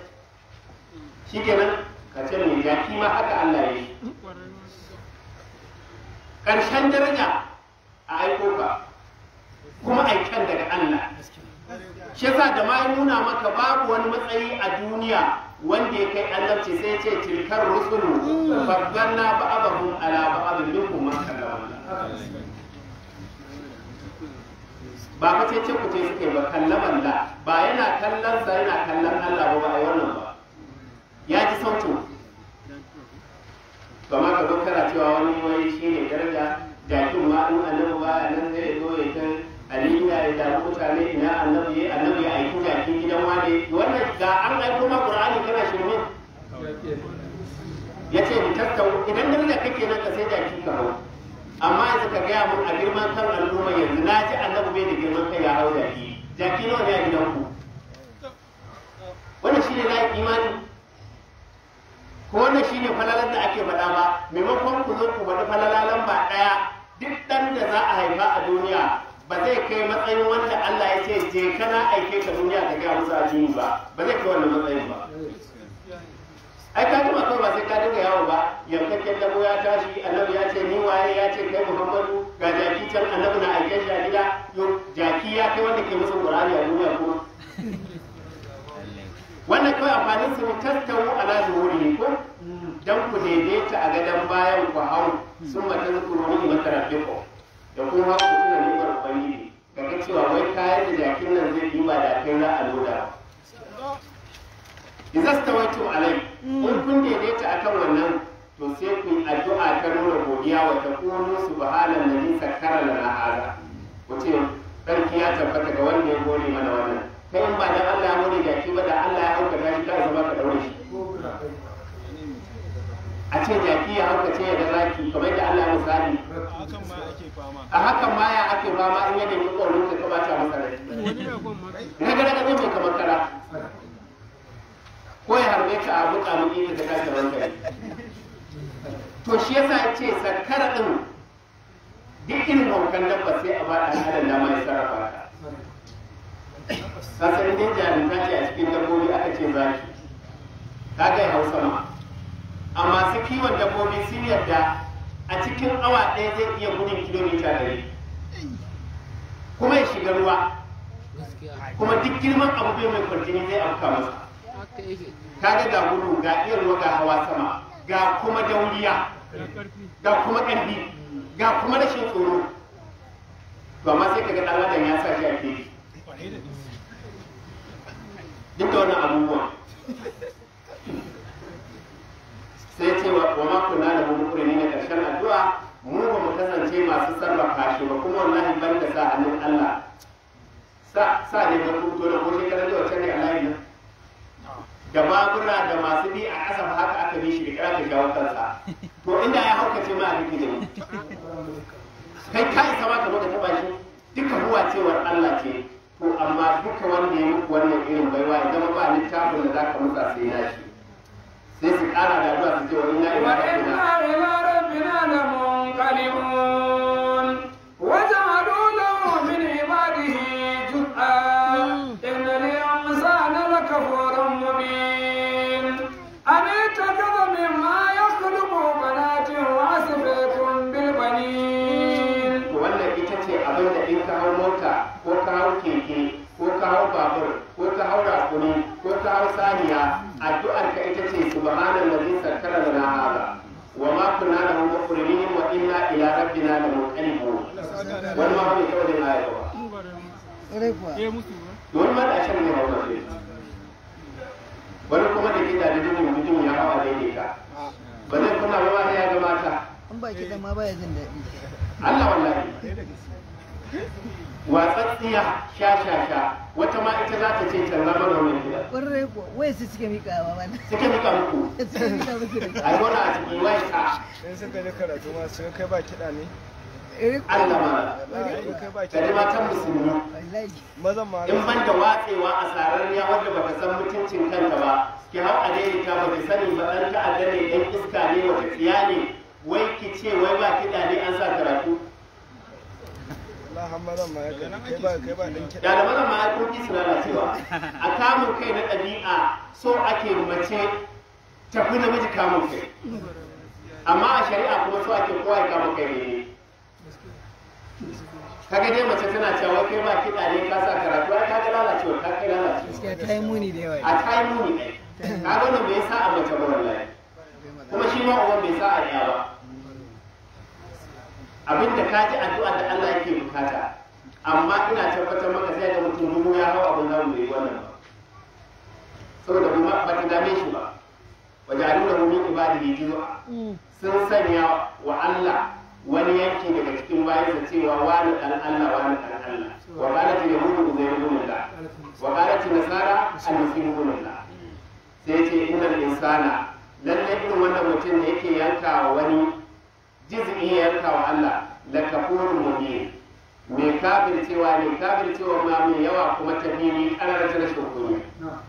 shi kenan kace mai ya kima haka allah ya yi ƙarshen daraja a aiko ka kuma aikan daga Allah shi yasa da ma nuna maka babu wani matsayi a duniya wanda ya kai annabci sai ce tilkar rusulu babban na ba'abahum ala ba'abin minkum masalama ba ka ce ku ce suke ba kallaman ba yana kallon sa yana kallon Allah ba ba yi wannan ba ya ji sautin kamar ka kamar kana cewa wani wani shi ne daraja jakin ma in annabi ba nan zai zo ya kan aliya ya taru mutane ina annabi ya annabi ya aiki jaki gidan wane wannan ga an ga kuma qur'ani kana shirme yace mu tattau idan da kake nan ka sai jaki ka kawo amma yanzu ka gaya mun a girman kan al'umma yanzu na ji annabi bai da girman kai ya hau jaki jaki nawa ne a gidan ku wannan shine na imani ko wannan ne falalar da ake faɗa ba maimakon ku zo ku faɗi falala lamba ɗaya duk ɗan da za a haifa a duniya ba zai kai matsayin wanda Allah ya ce je kana aike ka duniya ka ga musu addini ba ba zai kai wannan matsayin ba ai ka tuma kawai ba sai ka dinga yawo ba yankakken dabo ya tashi annabi ya ce ni waye ya ce kai muhammadu ga jaki can annabi na aike shi a gida jaki ya kai wanda ke musu qur'ani a duniya kuma wannan kawai amfanin su tattaru ala zuhuri ko dan ku daidaita a gadon bayan ku hau sun mata zukuruni ni rafi ko da kuma ku suna ne, ubangiji kaga cewa wai kayan da jakin nan zai yi ba da kai na aloda idza wato alai kun kun daidaita kan wannan to sai ku yi addu'a ta nuna godiya wa ta kuma subhanan na sakkara lana hada wuce ki ya tabbata ga wanda ya gode mana wannan kai in ba da Allah ya mori da ba da Allah ya hauka da shi ka zama ka daure shi a ce jaki ya hauka ce ya da zaki kamar da Allah ya misali a hakan ma ya ake fama in yadda ni tsoron ka kamata masa rai na gara ga mai kamar kara ko ya harbe ka abu kamun ne da ka kamar kai to shi yasa ya ce sankara ɗin duk irin haukan dabba sai a ba ɗan adam dama ya sarrafa ta kasar dai ce a cikin dabbobi aka ce zaki ta kai hausa ma a masu kiwon dabbobi sun yarda a cikin awa ɗaya zai iya gudun kilomita ɗari kuma ya shiga ruwa kuma duk girman abu bai mai kwarjini zai afka masa kaga ga gudu ga iya ruwa ga hawa sama ga kuma dauriya ga kuma ƙarfi ga kuma rashin tsoro to amma sai kaga ɗan adam ya sa shi a keji duk da abubuwa sai ce wa ma kunna da mu ne na karshen addu'a mu ba mu kasance masu sarrafa shi ba kuma wallahi ban da sa hannun Allah sa sa ne ku kuto da ko shekarar da wacce ne Allah ne da babura da masu bi a ƙasa ba haka aka bi shi da kira ga gawar to inda ya haukace ma a rikin da kai ka isa ma ka zo ka taba shi duka huwa cewar Allah ce ko amma duka wanda ya muku wannan irin baiwa ya zama ba littafin da za ka musa sai na shi sai su kara da zuwa su ce wani na ina rabbina hakuri ko ta hau saniya addu'ar ka ita ce subhanan da zai sakkara da na wa ma kuna da mu kurmi wa inna ila rabbina la muqallibu wani ma bai kawo da ayat ba eh, wani ma da shan ne ba wani kuma da ke da dubu mutum ya hawa daidai ka ba zai kuma ba ne ya ga mata an ba ki da ma baya jin daɗi Allah wallahi watsatsiya sha sha sha wata ma ita za ta ce canza mana wani gida. Ƙwarai ko wai su suke mika wa wani. Suke mika muku. *laughs* Suke mika muku. A gona cikin wai ka. Sun suka yi karatu ma sun kai ba kiɗa ne. Eh, Allah ma. Gari matan musulmi. Mazan ma. In ban da watsewa a sararriya wadda ba ta san mutuncin kanta ba. Ki hau a daidaita ba ta sani ba ɗan ta'adda ne ɗan iska ne wata tsiya ne. Wai ki ce wai ba kiɗa ne an sa karatu. na hamaran ma ya kai ba kai ba da lamarin a kamun kai na ɗabi'a so ake mace tafi namiji kamun kai amma a shari'a kuma so ake kowa ya kama kai ne kaga dai mace tana cewa kai ba kiɗa ne ka sa karatu ai kaga lalacewa ka kai lalacewa ta yi muni da yawa a ta yi muni Ka kaga wannan bai sa a mace ba wallahi kuma shi ma uban bai sa a ba abinda ka ji addu'a da Allah yake bukata amma ina tabbatar maka sai da mutum dubu ya hau abin zamu bai wannan saboda kuma ba ta dame shi ba wajalu da mu min ibadihi mm. sun sanya wa Allah wani yanki daga cikin da cewa wani dan Allah wani dan Allah wa qalat yahudu zai yi Allah wa ta nasara al-masih ibn Allah sai ce da insana lalle irin wannan mutum da yake yanka wani izini ya yanka wa Allah la kafurun mubin Me kafir cewa ne kafir cewa ma mai yawa kuma ta fili ƙarar ta na kunya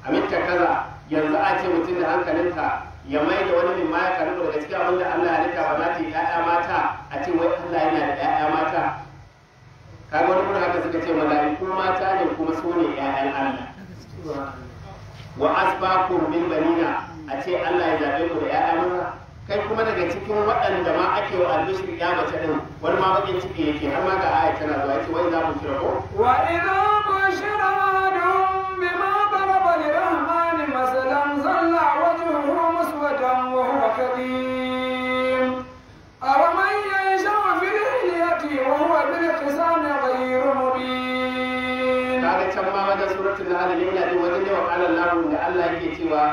a mitta kaza yanzu a ce mutum da hankalinka ya mai da wani mai maya karu daga cikin abin Allah ya rika ba za ta mata a ce wai Allah yana da ƴaƴa mata kaga wani gurin haka suka ce mala'iku mata ne kuma su ne ƴaƴan Allah wa asbaqu min banina a ce Allah ya zabe ku da ƴaƴa maza kai kuma daga cikin waɗanda ma ake wa albishir ya mace din wani ma bakin ciki yake har ma ga aya tana zuwa ce wai za mu shira ko wa idza bushira lahum bima daraba lirahman masalan zalla wajhuhu muswadan wa huwa kadhim aw man yashu fi liyati wa huwa bil qisami ghayr mubin kaga can ma wajen suratul nahl ne ina da wani da wa qala lahu da Allah yake cewa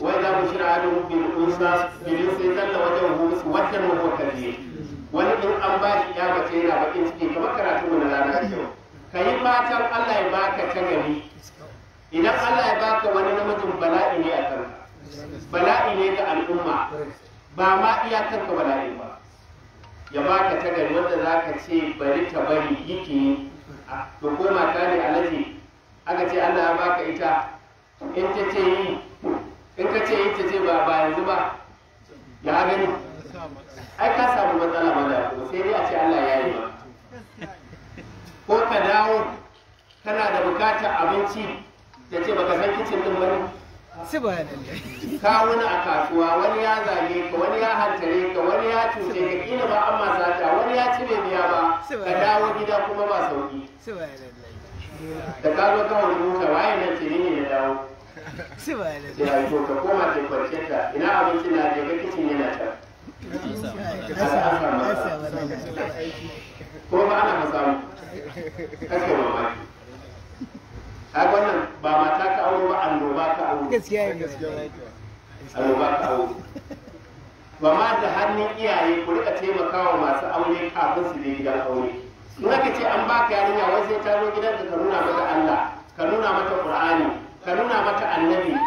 وإذا بشر أحدهم بالأنثى جنس ظل وجهه مسودا وهو كذيب wani in an ba shi ya mace yana bakin ciki kamar karatu wani rana ka yi fatan Allah ya baka ta idan Allah ya baka wani namijin bala'i ne a bala'i ne ga al'umma ba ma bala'i ba ya baka ta gari wanda za ka ce bari ta bari yake to ko mata ne alaji aka ce Allah ya baka ita in ta ce yi in ka ce ta ce ba ba yanzu ba ya gani ai ka samu matsala ba da sai dai a ce Allah ya yi ba ko ka dawo kana da bukatar abinci da ce baka san kicin din ba ka wani a kasuwa wani ya zage ka wani ya hantare ka wani ya cuce ka kina ba an ta, wani ya ci bai biya ba ka dawo gida kuma ba sauki da ka zo kawai duka waye nan ce ne ya dawo shi ba ya da ya ka koma ke kwarce ka ina abinci na je ga kicin yana ta ko ba ana samu kake mamaki har wannan ba mata ka aure ba annoba ka aure gaskiya ne annoba ka aure ba ma da hannun iyaye ku rika taimakawa masu aure kafin su je gidan aure in aka ce an baka yarinya wai sai ta zo gidanka ka nuna mata Allah ka nuna mata Qur'ani ka nuna mata annabi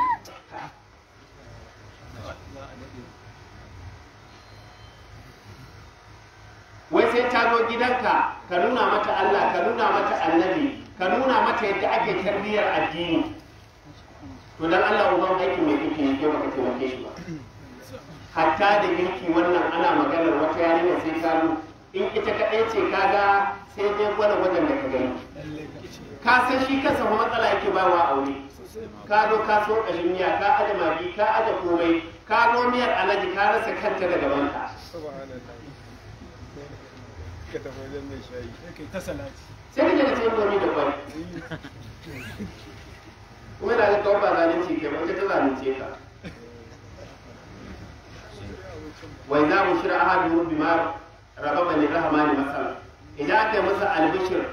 wai sai ta zo gidanka ka nuna mata Allah ka nuna mata annabi ka nuna mata yadda ake tarbiyyar addini to dan Allah uban aiki mai kike yake baka taimake shi ba hatta da girki wannan ana maganar wata yarinya sai ta zo in ita kaɗai ce ka ga sai dai gwada wajen da ka gani ka san shi kansa matsala yake bawa aure ka zo ka so ƙarin miya ka aje magi ka aje komai ka zo miyar alaji ka rasa kanta daga banka Sai tafi wajen ta salati sai ka daga cikin domin da kwai kuma da ga ba zalunci ke ba ka ta zalunce ka wai za mu shira ahadu bima rabama ni ne masal idan aka yi masa albishir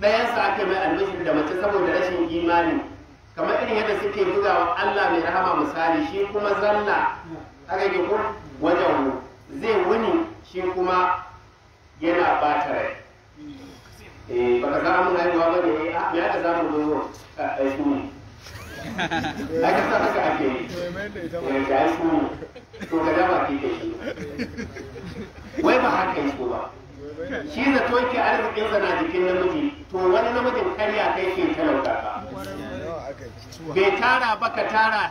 ɗayansa aka yi mai albishir da mace saboda rashin imani kamar irin yadda suke buga wa Allah mai rahama misali shi kuma zalla haka ke ko wajen zai wuni shi kuma yana bata rai eh baka samu haihuwa ba ne eh, ah, me aka samu zo a ah, su ne aka sa haka ake yi eh ga su to ka dama ke shi wai ba haka yi ko ba shi da toki arzikin sana jikin namiji to wani namijin karya kai ke talauta ba bai tara ba ka tara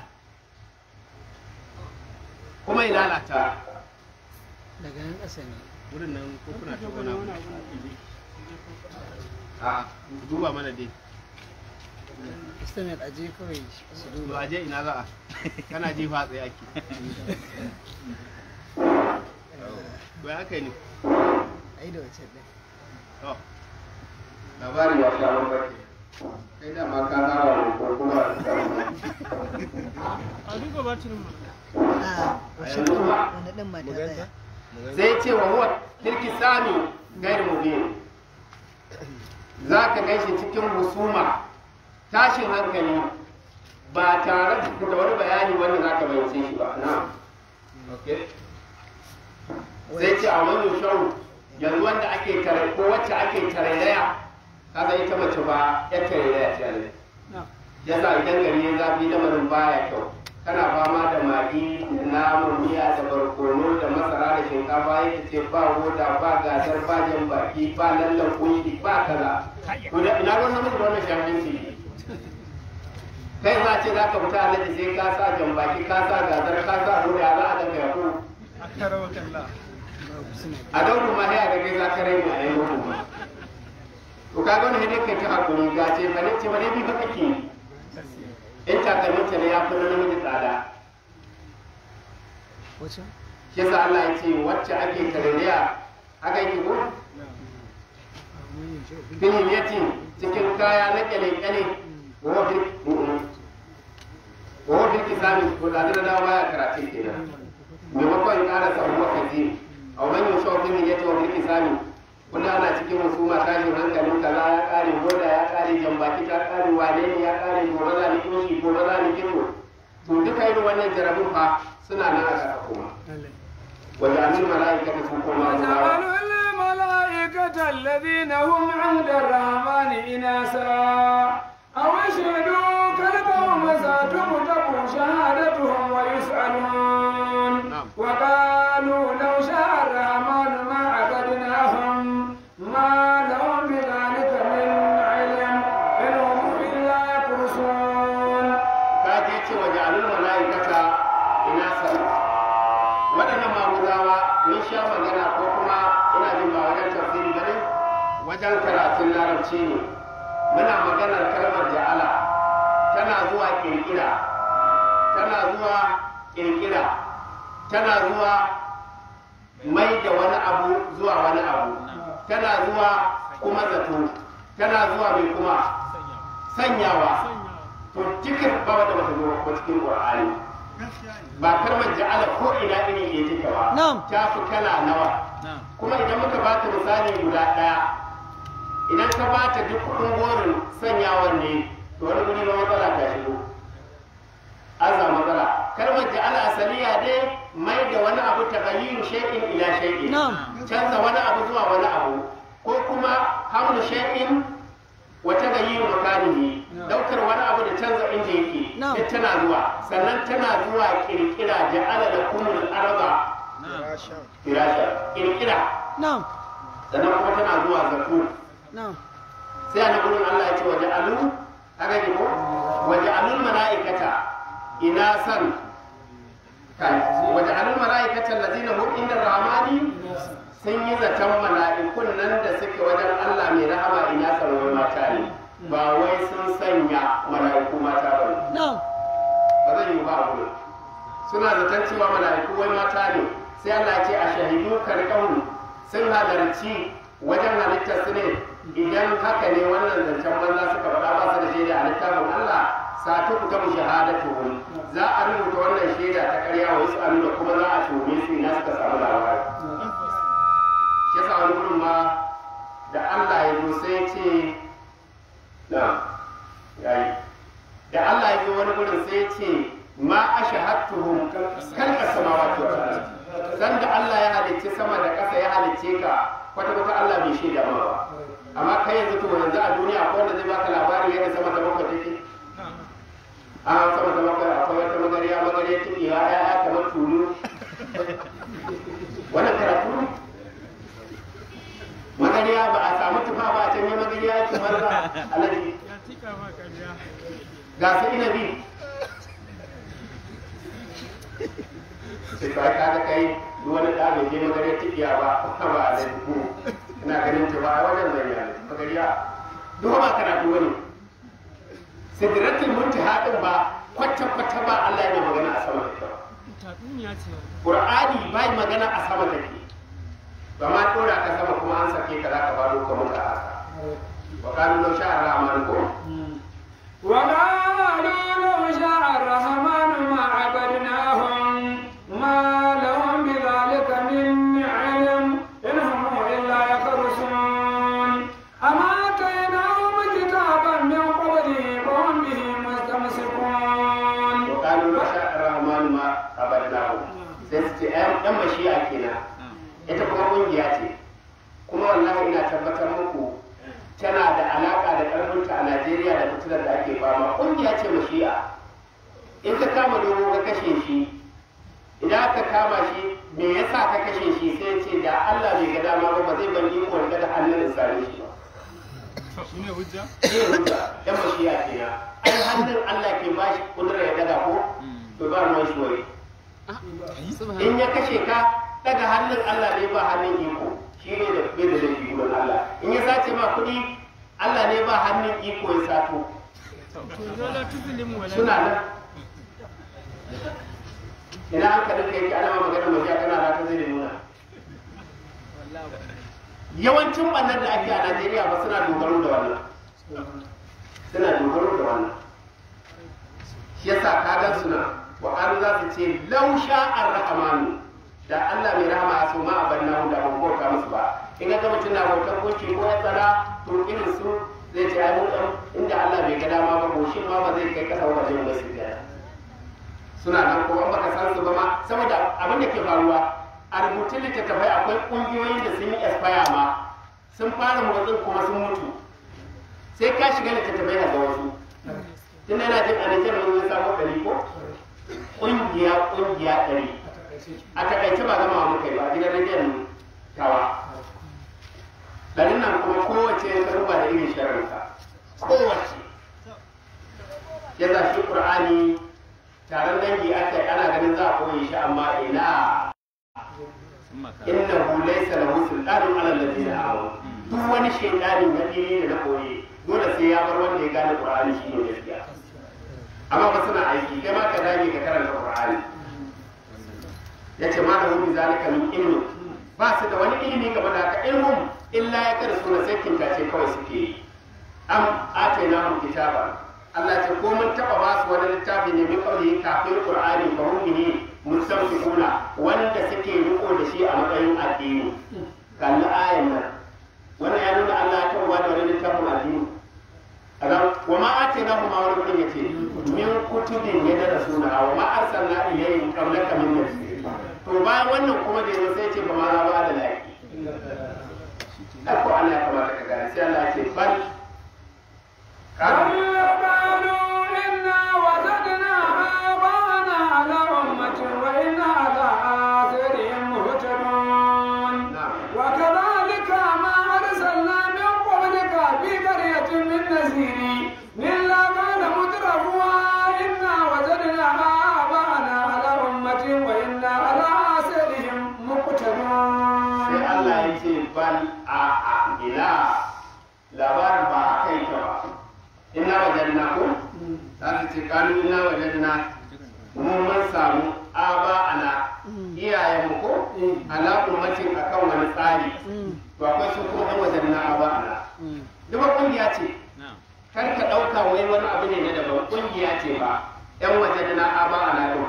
kuma ya lalata daga yan ƙasa ne wurin nan ko kuna ta wani abu a duba mana dai istanet aje kawai su duba aje ina za a kana jefa tsaye ake bai *laughs* haka ne ai da wacce ɗin to labarin ya kawo baki kai da ma ka hawa ne ko kuma a duba batirin ah, ma a kuma wanda ɗin ma ta tsaya sai ce wa huwa tilki sami gair mubin za cikin husuma tashin hankali ba tare da wani bayani wanda za shi ba na ce a wani yanzu wanda ake tare ko wacce ake daya kaga ita mace ba ya daya ce ne ya sa idan gari ya zafi lamarin baya kyau kana fama da magi da namun miya da barkono da masara da shinkafa ya ce ba hoda ba gasar ba jan baki ba lallan kunshi ba kaza to da ina ruwan namiji da wannan ce? kai ma ce za ka fita alaji sai ka sa jan baki ka sa gasar ka sa hoda za a daga yako a don ma ya ga gaza kare ma yayin hukuma to ka ga ne kai ta mu ga ce bane ce bane bi fa kake in takalmin ta ne ya na namiji tsada shi sa Allah ya ce wacce ake tarayya haka yake ko bin yatin cikin kaya na kyale-kyale wofin wofin kisami ko da dawa ya karatu kenan maimakon ƙara sabuwa kaji a wani shofin ya ce wa fi sami kuna ana cikin husuma tashin hankalin kaza ya kare goda ya kare jambaki ta kare wane ne ya kare gobe za ni kinshi gobe za ni kinwo to duka wannan jarabin fa suna nan a ƙasa kuma wajamin ta sun koma zuwa الملائكة الذين هم عند الرحمن إناسا أو اشهدوا كلبهم وساتبتم شهادتهم ويسألون وقال muna maganar kalmar ja'ala tana zuwa kirkira tana zuwa kirkira tana zuwa mai da wani abu zuwa wani abu tana zuwa kuma zato tana zuwa mai kuma sanyawa to cikin ba wata mata zuwa cikin ƙwararri ba kalmar ja'ala ko ina ya ne take ba ta fi kala nawa kuma idan muka ba ta misali guda ɗaya idan ka ba ta duk kungorin sanyawar sanyawan ne to wani guri na matsala ta shigo azza matsala kalmar da ala asaliya dai mai da wani abu ta gayyin shay'in ila shay'in canza wani abu zuwa wani abu ko kuma hamlu shay'in wata gayyin ne daukar wani abu da canza inda yake duk tana zuwa sannan tana zuwa kirkira ala da kumul araba kirasha kirkira sannan kuma tana zuwa zakur sai na gurin Allah ya ce waje alu haka ne ko waje alul mala'ikata ina san waje alul mala'ikata lazina hu inda ramani sun yi zaton mala'ikun nan da suke wajen Allah mai rahama ina san wai mata ne ba wai sun sanya mala'iku mata ba ne ba zan yi ba gurin suna zaton cewa mala'iku wai mata ne sai Allah ya ce a shahidu karkaunu sun halarci wajen halittar su ne idan haka ne wannan zancen banza suka faɗa ba su da shaida a littafin Allah satu ku tabu shahadatu za a rubuta wannan shaida ta ƙarya wa wasu amina kuma za a tobe su ina suka samu labari shi yasa wani gudun ma da Allah ya zo sai ce na yayi da Allah ya zo wani gudun sai ce ma ashahadtuhum kalka samawati wa san Allah ya halicci sama da ƙasa ya halicce ka kwata-kwata Allah bai shaida ba amma kai yanzu to yanzu a duniya akwai wanda zai baka labari yadda sama da bakwai take a sama da bakwai akwai wata magariya magariya tuni ya ya kamar tulu wannan karatu ne magariya ba a samu tufa ba a can yi magariya ya kamar ba alaji ga su ina bi sai ba ka da kai wani ɗa bai je magariya tikiya ba ba a da ina ganin ta ba wajen zai yi ba gariya duk ba karatu wani sidratul munti haɗin ba kwata kwata ba Allah yana magana a sama da ita Qur'ani yi magana a sama da ke ba ma tura ka sama kuma an sake ka ka baro ka mutu a haka wa kanu law sha'ar ramar ko hmm. wanda ne hujja ya dan mashiya kenan ai hannun Allah ke ba shi kudura ya daga ko hmm. to ba mai shi in ya kashe ka daga hannun Allah ne ba hannun iko shi ne da bai da laifi gurin Allah in ya sace ma kuɗi Allah ne ba hannun iko ya sato suna nan ina an ka dinka yake ana magana mai ya kana da ka zai nuna yawancin wannan da ake a najeriya ba suna dogaro da wannan suna dogaro da wannan shi yasa gan suna wa an za su ce lausha an rahamanu da allah mai rahama a soma a banna da ban bauta musu ba in ga mutum na bautar gunki ko ya tsara to irin su zai ce ai mutum inda allah bai ga dama ba goshin ma ba zai kai kasa wajen ba su suna nan ko an baka san su ba ma saboda abin da ke faruwa a rubutun littattafai akwai ƙungiyoyin da sun yi espaya ma sun fara motsin kuma sun mutu sai ka shiga littattafai na ga wasu tun yana jin a nijar yanzu samun ɗari ko ƙungiya ƙungiya ɗari a taƙaice ba zama muka yi ba gidan rediyon tawa ɗarin nan kuma kowace ya ruba da irin sharrinsa kowace ya zafi ƙur'ani taron dangi aka ana ganin za a koyi shi amma ina inda hu laysa lahu sultanun ala alladhina amanu duk wani shaytanin da ne da koyi dole sai ya bar wanda ya gane qur'ani shi ne gaskiya amma ba suna aiki kai ma ka dage ka karanta qur'ani yace ma da hu zalika min ilmi ba su da wani ilimi game da haka ilmun illa ya kada suna sai kintace kawai suke yi am atayna mu kitaba Allah ce ko mun taba ba su wani littafi ne mai kawai kafin qur'ani ba mun ne mun san su wanda suke riko matsayin addini kalli ayan nan wannan ya nuna Allah ya taɓa da wani littafin addini wa ma ake na kuma wani wurin ya ce min kutubin ya da suna wa ma arsalna ilayhi qablaka min nabi to ba wannan kuma da yanzu sai ce ba ma ba da laifi ko Allah ya kamata ka gane sai Allah ya ce bal ina wajenna ko za su ce kanu ina wajenna mu mun samu a ba ana iyayenmu ko ala a kan wani tsari to akwai su ko dan wajenna ba ana duba kungiya ce kar ka ɗauka wai wani abu ne na daban kungiya ce ba yan wajenna ba ana din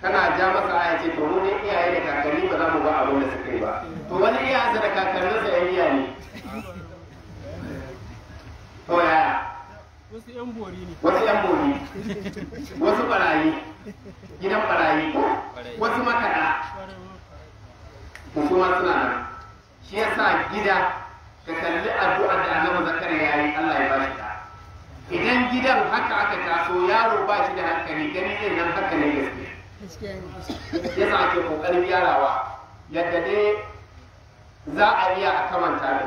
kana ja masa aya ce to mu ne iyaye da kakanni ba za mu ba abin da suke ba to wani iyaye da kakanninsa yan iya ne to yaya wasu yan bori ne wasu yan bori wasu barayi gidan barayi wasu makaɗa kuma suna nan shi sa gida ka kalli addu'ar da annabi zakari ya yi Allah ya shi ta idan gidan haka aka taso yaro ba shi da hankali gani zai nan haka ne gaske Ya sa ake kokarin yarawa yadda dai za a iya a kamanta da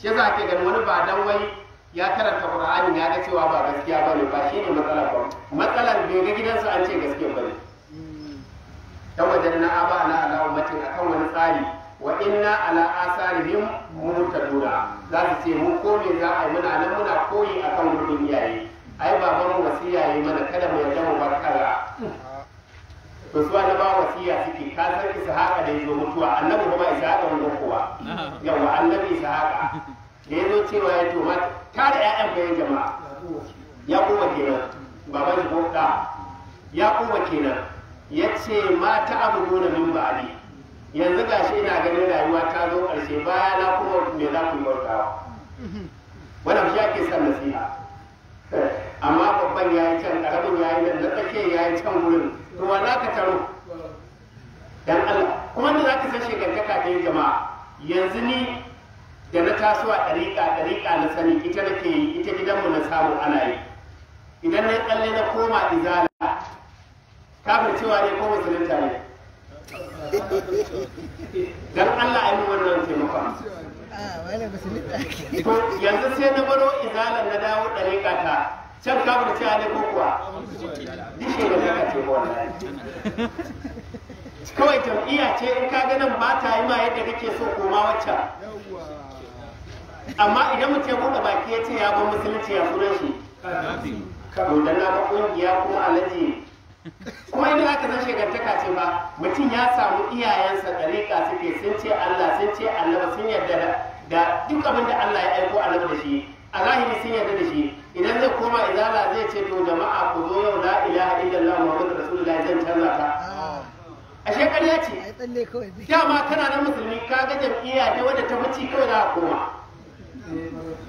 shi sa ake gani wani ba dan wai ya karanta Qur'ani ya ga cewa ba gaskiya bane ba shine matsalar ba matsalar bai ga gidansa an ce gaskiya bane Ta wajen na aba na ala ummatin akan wani tsari wa inna ala asarihim muhtadura za su ce mu ko za a yi muna nan muna koyi akan wurin iyaye ai baban mu wasiya yi mana kada mu yarda mu bar kaza to na ba wasiya suke ka san haka da yazo mutuwa annabi kuma ishaqa mun kowa yawa annabi haka. da ya zo cewa ya to ta da ƴaƴan bayan jama'a ya kuma kenan baban shi ko ya kuma kenan ya ce ma ta abu gona min ne. yanzu ga shi ina ganin rayuwa ta zo ƙarshe baya na kuma me za ku yi bautawa wannan shi ake san nasiha amma babban ya yi can karamin ya yi nan da tsake ya yi can wurin to wa za ka taro dan Allah kuma da za ka san shekarta ka ta yi jama'a yanzu ni da na taso a ɗariƙa ɗariƙa na sani ita nake yi ita gidanmu na samu ana yi idan na tsalle na koma izala kafin cewa ne ko musulunta ne dan Allah a yi wannan taimakon to yanzu sai na baro izala na dawo ɗariƙa ta can kafin cewa ne ko kuwa dishe da zaka ce wannan kawai jam'iyya ce in ka ganin ba ta yi ma yadda kake so koma waccan amma idan mutum ya buɗe baki ya ce ya ba musulunci ya sunan shi kabo da na kungiya kuma alaji kuma idan aka san shegantaka ce ba mutum ya samu iyayensa ka suke sun ce Allah sun ce Allah sun yarda da duk abin da Allah ya aiko Allah da shi a zahiri sun yarda da shi idan zai koma izala zai ce to jama'a ku zo yau la ilaha illallah muhammadu rasulullahi zan canza ka a shekar ya ce dama kana na musulmi ka ga jam'iyya ne wadda ta mace kawai za a koma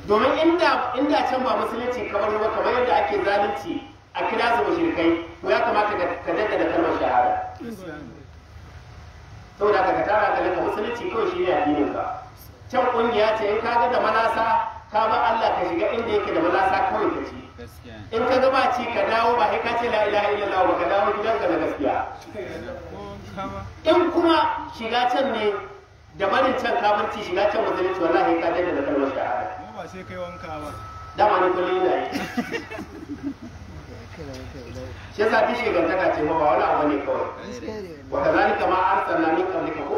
domin inda inda can ba musulunci kamar ruwa kamar yadda ake zalunci a kira su mushrikai to ya kamata ka daddada kalmar shahada saboda ka tara ga daga musulunci kawai shi ne addinin ka can kungiya ce in ka ga da manasa ka ba Allah ka shiga inda yake da manasa kawai ka ci in ka gaba ci ka dawo ba sai ka ce la ilaha illallah ba ka dawo gidanka na gaskiya in kuma shiga can ne da barin can kafirci shiga can musulunci wallahi ka daina da kalmar shahada mu ba sai kai wanka ba dama ne kullum yana yi shi yasa ki shigantaka ce ma ba wani abu ne kawai wa kazalika ma arsalna min qablika ko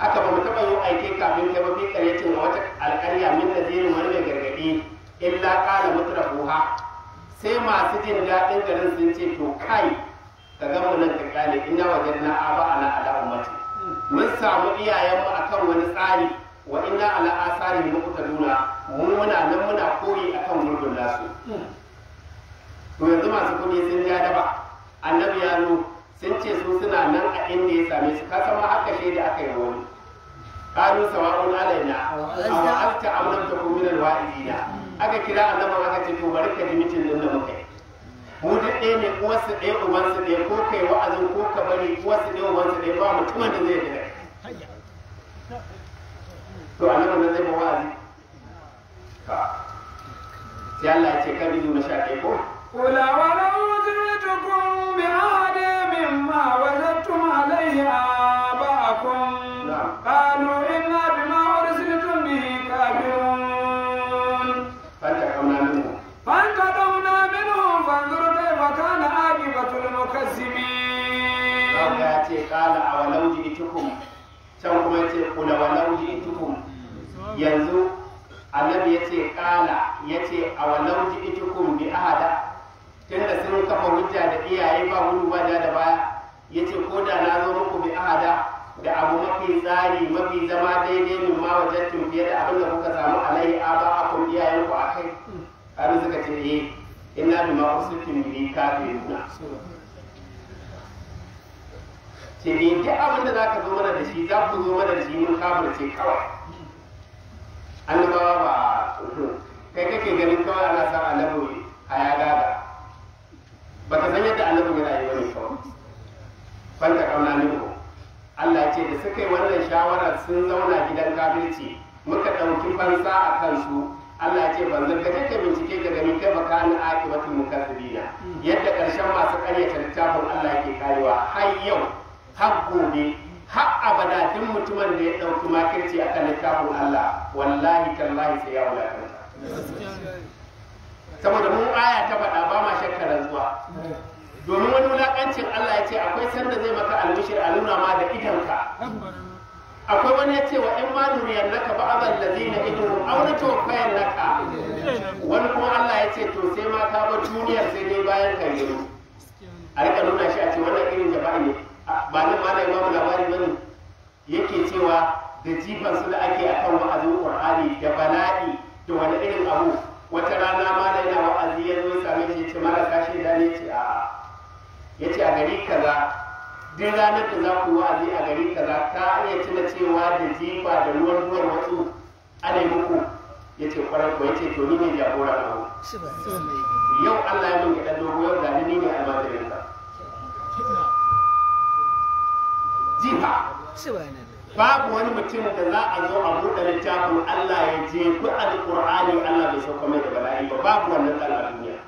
aka ba mu taɓa yin aike kafin kai ba fi karyace wa wata alƙarya min da nadirin wani mai gargadi illa ƙara qala buha. sai masu jin daɗin garin sun ce to kai ka gama nan ka kale ina wajen na aba ana ala mun samu iyayenmu kan wani tsari wa inna ala asari nuna mun muna nan muna koyi akan murgun nasu to yanzu masu kuɗi sun ja daba annabi ya zo sun ce su suna nan a inda ya same su kasan ma haka da aka yi wani qalu sawa'un alaina a anta amlam takum min alwa'idina aka kira annabi aka ce to bari ka ji mitin nan da muka yi hudun ɗaya ne uwarsa ɗaya ubansa ɗaya ko kai wa'azin ko ka bari uwarsa ɗaya ubansa ɗaya ba mutumin da zai gina to a nan zai ba wa'azi ka sai Allah ya ce kan bizu na sha ɗaya ko kula wa rawaitukum bi ahadi mimma wajadtum alayhi kun. qalu ji'tukum can kuma yace kula walau ji'tukum yanzu annabi yace kala yace a wa walau ji'tukum bi ahada tunda sun kafa hujja da iyaye ba gudu ba da baya yace ko da na zo muku bi ahada da abu mafi tsari mafi zama daidai min ma wajen fiye da abin da kuka samu alaihi a ba a kun iyayen ku a kai har suka ce eh ina bi ma usulkin bi na? ce ni eh, duk abin da ka zo mana da shi za ku zo mana da shi mun kamar ce kawai annabawa ba kai kake ganin kawai ana sa alamu a ya gada ba ka san yadda alamu yana yi wani kawai ban ta kauna ni ko Allah ce da suka yi wannan shawarar sun zauna gidan kafirci muka ɗauki fansa a kansu Allah ce ban ka kake bincike ka gani kai baka an wata mukazzibina yadda karshen masu ƙaryata littafin Allah ke karewa har yau har gobe har abada duk mutumin da ya ɗauki makirci a kan littafin Allah wallahi tallahi sai ya wulakanta saboda mun aya ta faɗa ba ma shakkar zuwa domin wani wulakancin Allah ya ce akwai sanda zai maka almishir a nuna ma da idanka akwai wani ya ce wa in ma duniyar naka ba azal ladina idun aw na tawfayan naka wani kuma Allah ya ce to sai ma ka ba duniyar sai dai bayan ka yi a rika nuna shi a ce wannan irin jaba'i ne ba ne ma da imamu labari bane yake cewa da jifan su da ake a kan wa'azin qur'ani da bala'i da wani irin abu wata rana ma da yana wa'azi ya zo same shi mara kashi da ne ce a ya ce a gari kaza duk ranar da za ku wa'azi a gari kaza ta iya tuna cewa da jifa da ruwan ruwan wasu ana muku ya ce kwarar ya ce to ni ne jagora na yau Allah ya mun ga dan dogo yau da ni ne almajirinka jifa babu wani mutum da za a zo a buɗe littafin Allah ya je ku alƙur'ani Allah bai sauka mai da bala'i ba babu wannan ɗan duniya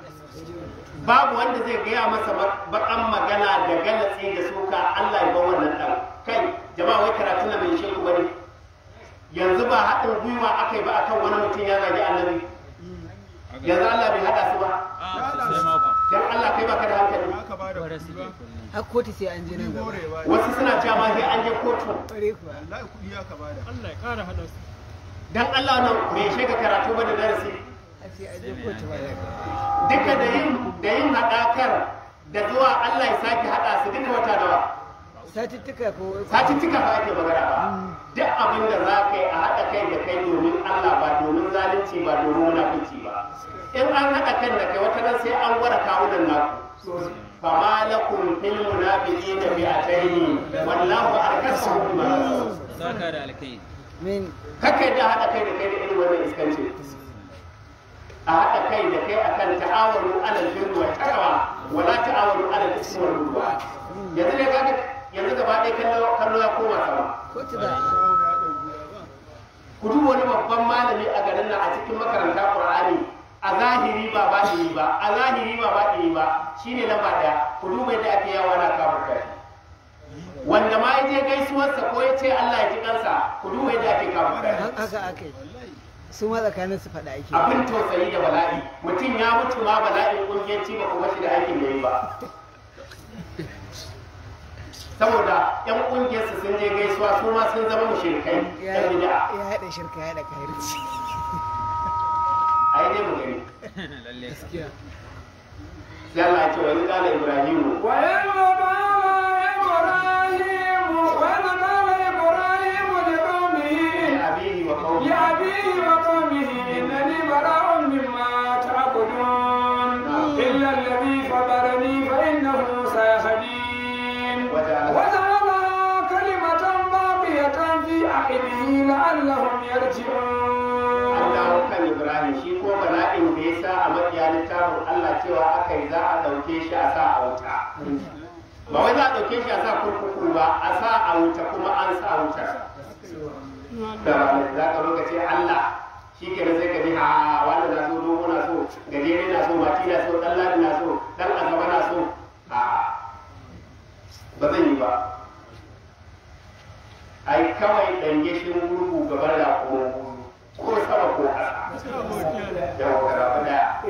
babu wanda zai gaya masa bakan magana da galatsi da suka Allah ya ba wannan dan kai jama'a wai karatu na mai shehu bane yanzu ba haɗin gwiwa akai ba akan wani mutum ya zagi annabi yanzu Allah bai haɗa su ba dan Allah kai baka da hankali har kotu sai an je nan wasu suna cewa ma sai an je kotu wallahi kudi Allah ya kara hada su dan Allah nan me ka karatu ba da darasi sai an je kotu duka da yin da yin hadakar da zuwa Allah ya saki hada su duka wata dawa satittika ko satittika ba ake magana ba mm. duk abin da za ka yi a haɗa kai da kai domin Allah ba domin zalunci ba domin munafici ba in an haɗa kan da kai wata nan sai an gwara kawunan naku fama lakum fil munafiqina fi'atayn wallahu arkasuhum ma saka da alkai min haka da haɗa kai da kai da irin wannan iskanci a haɗa kai da kai akan ta'awunu alal jirgin wa taqwa wala ta'awunu alal jirgin wal udwan yanzu ne kaga yanzu gaba ɗaya kallo kallo ya koma sama ku duba wani babban malami a garin nan a cikin makarantar Qur'ani a zahiri ba ba ɗiri ba a zahiri ba ba ɗiri ba ne lamba ɗaya ku duba da ake yawa na kawo kai wanda ma ya je gaisuwarsa ko ya ce Allah ya ji kansa ku duba da ake kawo kai haka ake su ma tsakanin su faɗa ake abin tausayi da bala'i mutum ya mutu ma bala'in kungiyanci ba kuma shi da aikin da yi ba saboda yan ƙungiyarsa sun je gaisuwa su ma sun zama shirkai ya haɗa shirka ya haɗa kahirci ai dai mu gani *laughs* lalle gaskiya sai Allah ya ce wa in qala ibrahimu wa لعلهم يرجعون الله كان إبراهيم kuma bala'in da ya sa a maƙiya littafin Allah cewa aka yi za a ɗauke shi a sa a wuta ba wai za a ɗauke shi a sa kurkuku ba a sa a wuta kuma an sa wuta da za ka lokaci Allah shi ke zai gani bi a wanda na so dogo na so gajere na so mati na so ɗan ladi na so ɗan azaba na so a ba zan yi ba ai kawai ɗan gishin gurgu gaban da gurgu ko sama ko ƙasa yawa karatu daya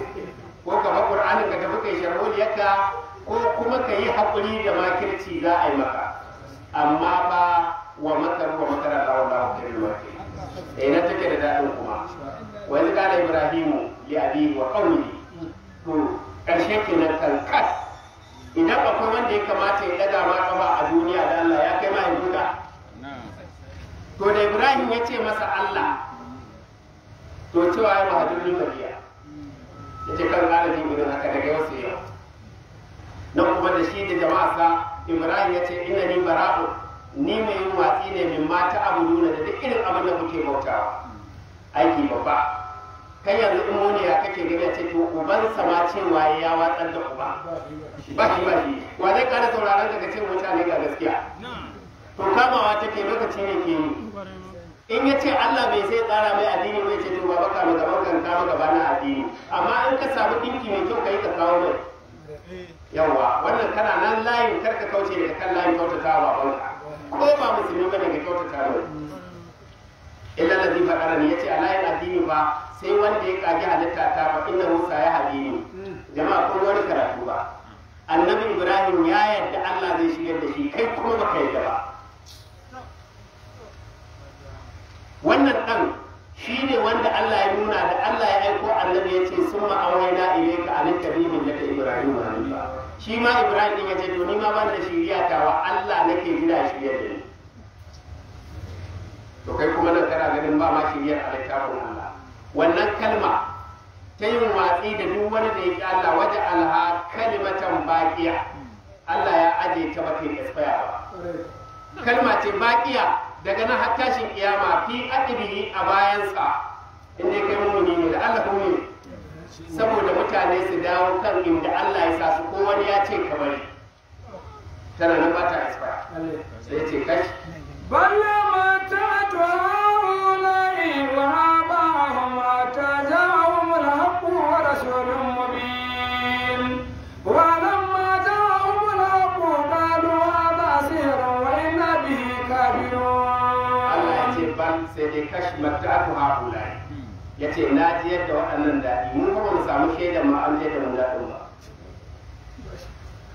ko kama ƙur'anin ka tafi kai yadda ko kuma ka yi haƙuri da makirci za a yi maka amma ba wa makaru wa makara ba wa bawa kirin wake eh, da ina take da daɗin kuma wani ƙara ibrahimu ya abihi wa ƙauni to ƙarshe na kankas idan akwai wanda ya kamata ya ɗaga ma ƙafa a duniya da Allah ya kai ma mahaifinka to da ibrahim ya ce masa Allah to cewa ya mahajin biya? ya ce kan malamin gudun haka daga wasu yau nan kuma da shi da sa ibrahim ya ce ina ni bara'u ni mai yin watsi ne min mata abu nuna da duk irin abin da kuke bautawa aiki babba kai yanzu in muni ya kake gani ce to uban sama cewa ya watsar da uba ba shi ba shi wa zai kara sauraron daga cin mutane ga gaskiya to kamawa take lokaci ne ke yi in ya ce Allah bai sai tsara mai addini bai ce duba baka mai zaman gaban kan kawo gaba na addini amma in ka samu dinki mai kyau kai ka kawo mai yawa wannan kana nan layin karka ka kauce daga kan layin kyautata wa babanka ko ba musulmi bane ka kyautata mai illa ladhi ya yace a layin addini ba sai wanda ya kage halitta ta ba inna musa ya hadini jama'a ko wani karatu ba annabi ibrahim ya yarda Allah zai shigar da shi kai kuma baka yarda ba wannan ɗan shi ne wanda Allah ya nuna da Allah ya aiko annabi ya ce sun ma na ile ka alin karimin da Ibrahim Hanifa shi ma Ibrahim ya ce to ni ma ban da shiriya ta wa Allah nake gida shirya da ni to kai kuma nan kana ganin ba ma shiriyar a littafin Allah wannan kalma ta yin watsi da duk wani da ya ƙi Allah waje alha kalimatan baƙiya Allah ya ajiye ta ba ta yi ba kalma ce baƙiya daga nan har tashin kiyama fi adibihi a bayansa in dai kai mumuni ne da Allah ne saboda mutane su dawo kan inda Allah ya sa su ko wani ya ce ka bari tana nan ba ta isfa sai ce kashi balla ma ta sai dai kashi matatu haulai ya ce na ji yadda waɗannan daɗi mun kuma mu samu shaidar mu an shaidar mun daɗin ba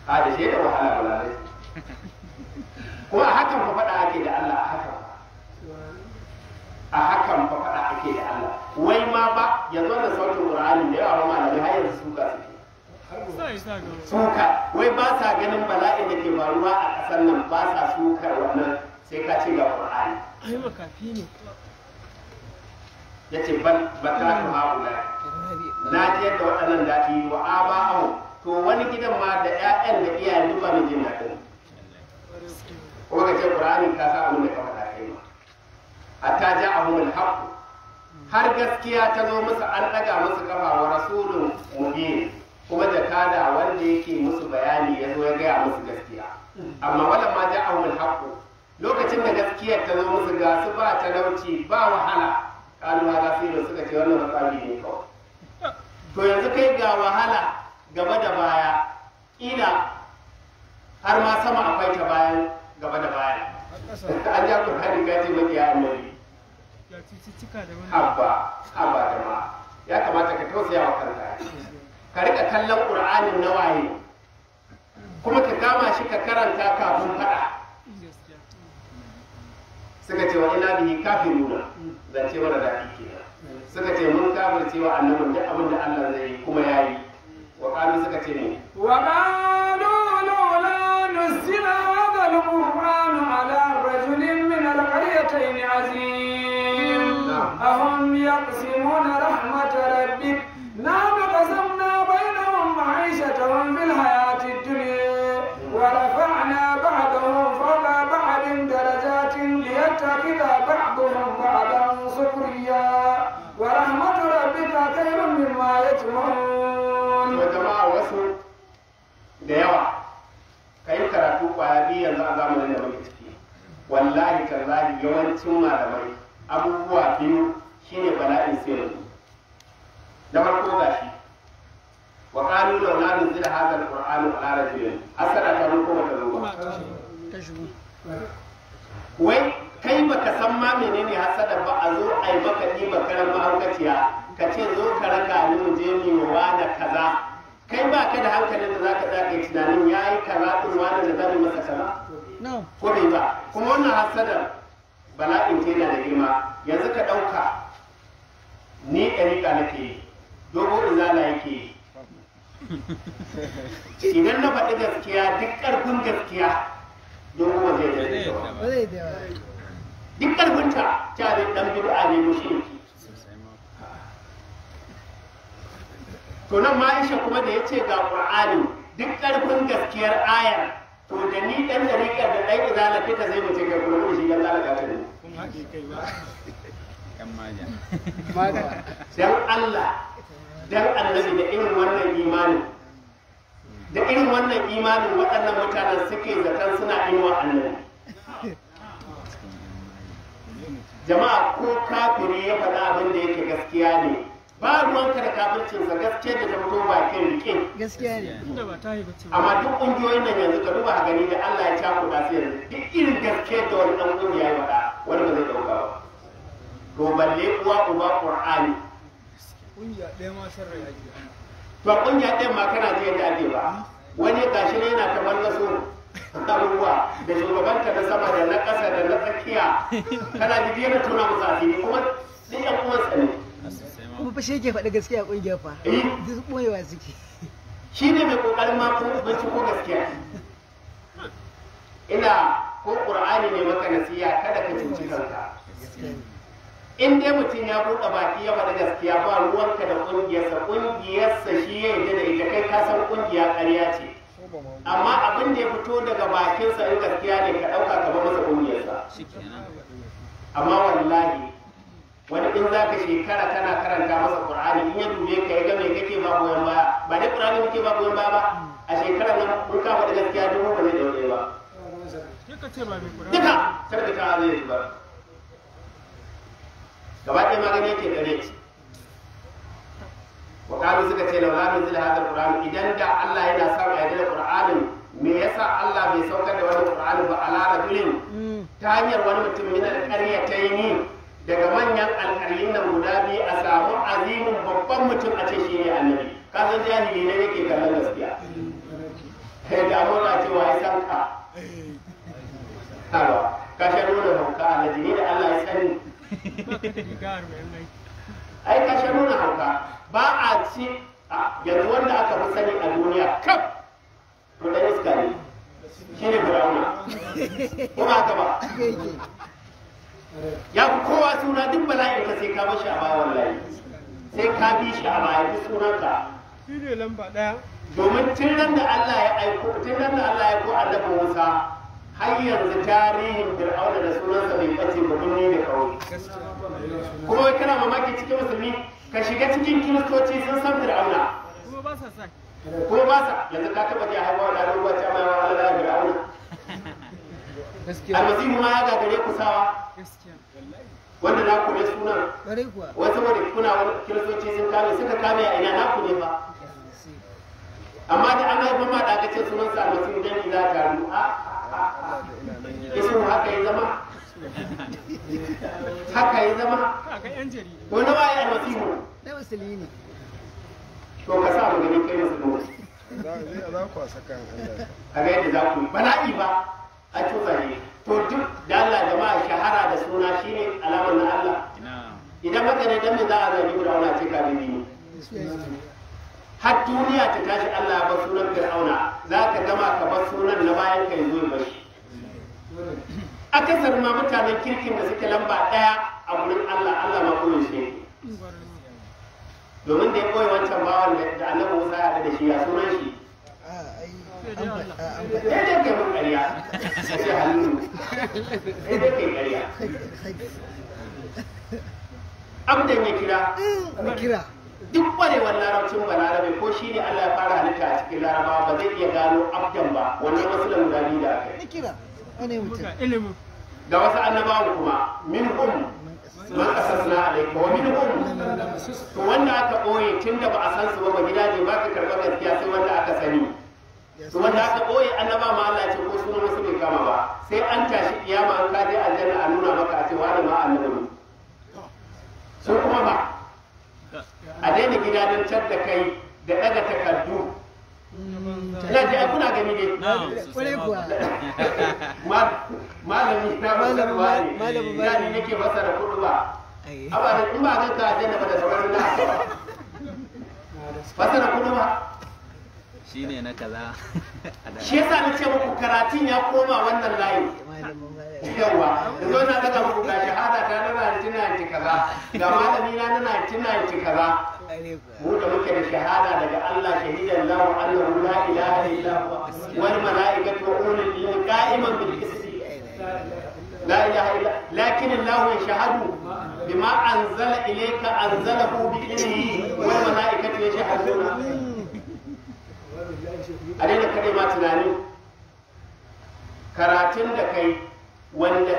a da shaidar wahala ba lalai kuma a hakan ku faɗa ake da Allah a hakan a hakan fa faɗa ake da Allah wai ma ba yanzu da sautin Qur'ani da yawa malamai har yanzu suka suka wai ba sa ganin bala'in da ke faruwa a ƙasar nan ba sa sukar wannan sai ka ce ga qur'ani ai makafi ne yace ban ku haula na ce da waɗannan dadi wa aba'ahu to wani gidan ma da ƴaƴan da iyayen duk ba mu jin daɗin kuma ka ce qur'ani ka sa abin da ka faɗa kai ma hatta ja'ahum al-haqq har gaskiya ta zo musu an ɗaga musu kafa wa rasulun mubin kuma da da wanda yake musu bayani ya zo ya gaya musu gaskiya amma wala ma ja'ahum al haƙƙo. lokacin da gaskiyar ta zo musu ga su ba talauci ba wahala kalu hada sai suka ce wannan matsali ne kawai to yanzu kai ga wahala gaba da baya ina har ma sama akwai ta bayan gaba da baya an ja ku hadin gaji mai ya annabi Abba, Abba da ma ya kamata ka tausaya wa kanka ka rika kallon qur'anin nawaye kuma ka kama shi ka karanta kafin fada suka ce wa ina bihi kafiruna zance mara daɗi ke suka ce mun kafir wa annabin da abin da Allah zai yi kuma ya yi wa qalu suka ce ne wa qalu la nusila hadha al-qur'an ala rajulin min al-qaryatayn azim ahum yaqsimuna rahmat rabbik nahnu qasamna bainahum ma'ishatahum fil hayat yajmaun wa jama'a wasu da yawa ka yi karatu kwaya biyu yanzu a zamanin da muke ciki wallahi tallahi yawancin malamai abubuwa biyu shine bala'in sai yanzu da farko gashi wa qalu law la nuzila hadha alquran ala rajulin asara ta ruko mata ruko wai kai baka san ma menene hasada ba a zo ai maka ni makaran mahaukaciya ka ce zo ka raka min je mu wani kaza kai ba ka da hankalin da zaka ka yi tunanin ya yi kaza ɗin wada da zan masa kaza ko bai ba kuma wannan hasadar bala'in ce yana da girma yanzu ka ɗauka ni ɗariƙa nake yi dogo izala yake yi idan na faɗi gaskiya duk ƙarfin gaskiya dogo ba zai da duk ƙarfin ta abin ɗan bid'a ne mushriki to nan ma isha kuma da ya ce ga ƙur'ani duk ƙarfin gaskiyar ayar to da ni ɗan dariƙa da ɗan zala fita zai mace ga kuma shi yan lalata ta ne dan Allah dan annabi da irin wannan imanin da irin wannan imanin waɗannan mutanen suke zaton suna inuwa annabi jama'a ko kafiri ya faɗa abin da yake gaskiya ne ba ruwan ka da kafircin sa gaske da ta ba bakin rike gaskiya ne inda ba ta amma duk ƙungiyoyin nan yanzu ka duba gani da Allah ya da su yanzu duk irin gaske da wani dan ƙungiya ya ba wani ba zai dauka ba to balle kuwa uba qur'ani kungiya ɗaya ma to ƙungiya ɗaya ma kana zai da ake ba wani gashi ne yana ta bangaso abubuwa da shugabanta na sama da na ƙasa da na tsakiya kana yana tuna musafi kuma ni yan kuma ne kuma fa shi yake faɗi gaskiya ƙungiyar fa duk ɓoyewa suke shi ne mai ƙoƙarin ma shi ko gaskiya ina ko ƙur'ani ne maka nasiya kada ka cuci kanka in dai mutum ya buɗe baki ya faɗi gaskiya ba ruwanka da ƙungiyarsa ƙungiyarsa shi ya yi da ita kai ka san ƙungiya ƙarya ce amma abin da ya fito daga bakinsa in gaskiya ne ka ɗauka ka ba masa ƙungiyarsa amma wallahi wani in za ka shekara kana karanta masa qur'ani in ya dube ka ya gane kake ba goyon baya ba dai qur'ani kake ba goyon baya ba a shekarar nan kun ka faɗi gaskiya dubu ba zai daure ba duka tarkata zai zubar gaba ɗaya magani yake gare ci wakalu suka ce laula min zila hadal qur'an idan da Allah yana sa a da qur'anin me yasa Allah bai saukar da wani qur'ani ba ala rajulin mm. ta hanyar wani mutum yana da ƙarya ta yi ni daga manyan alƙaryun nan guda biyu a samu azimin babban mutum a ce shi ne annabi ka san jahili ne yake kallon gaskiya kai da na cewa ya san ka hawa ka sharo da hauka a ne da Allah ya sani ai ka sharo da hauka ba a ci yanzu wanda aka fi sani a duniya kaf kudan iska ne shi ne kuma haka ba ya fi kowa suna duk bala'in ka sai ka bashi a bawan layi sai ka bi shi a bayan duk ka shi ne lamba daya domin tun da Allah ya aiko tun nan da Allah ya ko annabi Musa har yanzu tarihin Fir'auna da sunansa bai bace ba ne da kauye kuma kana mamaki cikin musulmi ka shiga cikin kiristoci sun san Fir'auna kuma ba sa yanzu ka taba ji haifa da ruwa ta mai wa Allah da Fir'auna almasihu ma ya gagare ku sawa wanda na ku suna. wasu wani kuna kiristoci sun kame suka kame a ina na ne ba amma da an haifar ma dakacin sunan sa almasihu dan ila garu a isu haka ya zama haka ya zama ko na waye almasihu na wasili ne to ka sa mu gani kai musulmi za a sakan Allah a ga yadda za ku bala'i ba a tufani to duk da Allah jama'a shahara da suna shine alamar na Allah idan maka ne dan me za a zabi Fir'auna ce ka bibi har duniya ta tashi Allah ba sunan Fir'auna za ka gama ka bar sunan na bayan kai zo ba shi akasar ma mutanen kirkin da suke lamba daya a gurin Allah Allah ma koyo shi domin da ya koyi wancan bawan da Annabi Musa ya da shi ya sunan shi ya dai kai ƙarya sai hannu ya dai kai ƙarya abdan ya kira duk ƙwarewar larabcin ba larabe ko shi ne Allah ya fara halitta a cikin larabawa ba zai iya gano abdan ba wannan wasu lamurari da aka yi ga wasu annabawan kuma min hum man asasna alaika wa to wanda aka boye tunda ba a san su ba gida ne ba ka karɓa gaskiya sai wanda aka sani kuma wanda aka ɓoye annaba ma Allah ce ko sunan wasu bai kama ba sai an tashi iyama an kaje aljanna a nuna maka a ce wani ma annabi ne su kuma ba a daina don can da kai da daga takardu Ina ji kuna gani ne. kuwa. *laughs* Malami na masarwa ne. Malami ba ne. nake masara kudu ba. Abadan in ba ganka a janna ba da sauran da. Masara *laughs* kudu ba. shine na kaza *laughs* shi yasa na ce muku karatun ya koma wannan layi yawa yanzu na daga muku ga shahada ta na 1990 kaza ga malami na na 1990 kaza mu da muke da shahada daga Allah shahidan lahu annahu la ilaha illa huwa wal malaikatu wa ulul ilmi qa'iman bil qisti لا إله إلا لكن الله يشهد بما أنزل إليك أنزله بإذنه والملائكة يشهدون a daina kare ma tunani karatun da kai wanda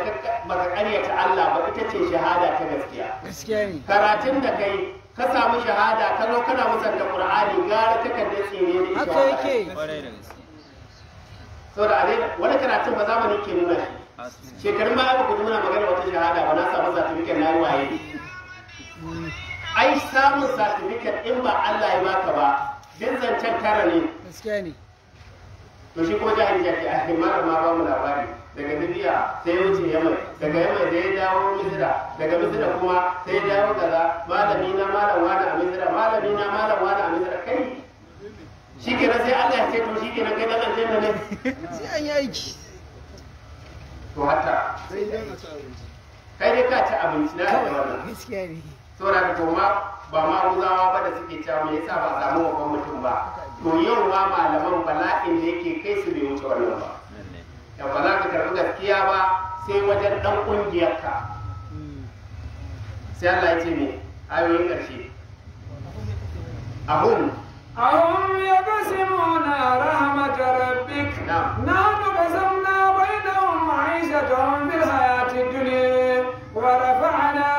baka karyata Allah ba ita ce shahada ta gaskiya karatun da kai ka samu shahada ka zo kana musanta qur'ani gara ta kan dace ne haka ake saboda a daina wani karatun ba zamani ke nuna shi shekarun baya ba ku nuna magana wata shahada ba na samu certificate na waye mm. ai samun certificate in ba Allah ya baka ba duk zancen tara ne gaskiya ne to shi kuma jihar jaki a himar ma ba mu labari daga libya sai ya wuce yamai daga yamai sai ya dawo misira daga misira kuma sai ya dawo kaza malami na malam wani a misira malami na malam wani a misira kai shi kenan sai allah ya ce to shi kenan kai na zance da ne sai an yi aiki to hatta sai dai ka ci abinci na da wannan gaskiya ne saboda ka to ma ba ma ruzawa ba da suke cewa me yasa ba samu wa mutum ba to yau ma malaman bala'in da yake kai su bai wuce wannan ba da ba za ka karɓi gaskiya ba sai wajen ɗan ƙungiyarka sai Allah ya ce ne ayoyin ƙarshe ahun ahun ya kasimuna rahmata rabbik nahnu qasamna bainahum ma'ishatahum fil hayati dunya wa rafa'ana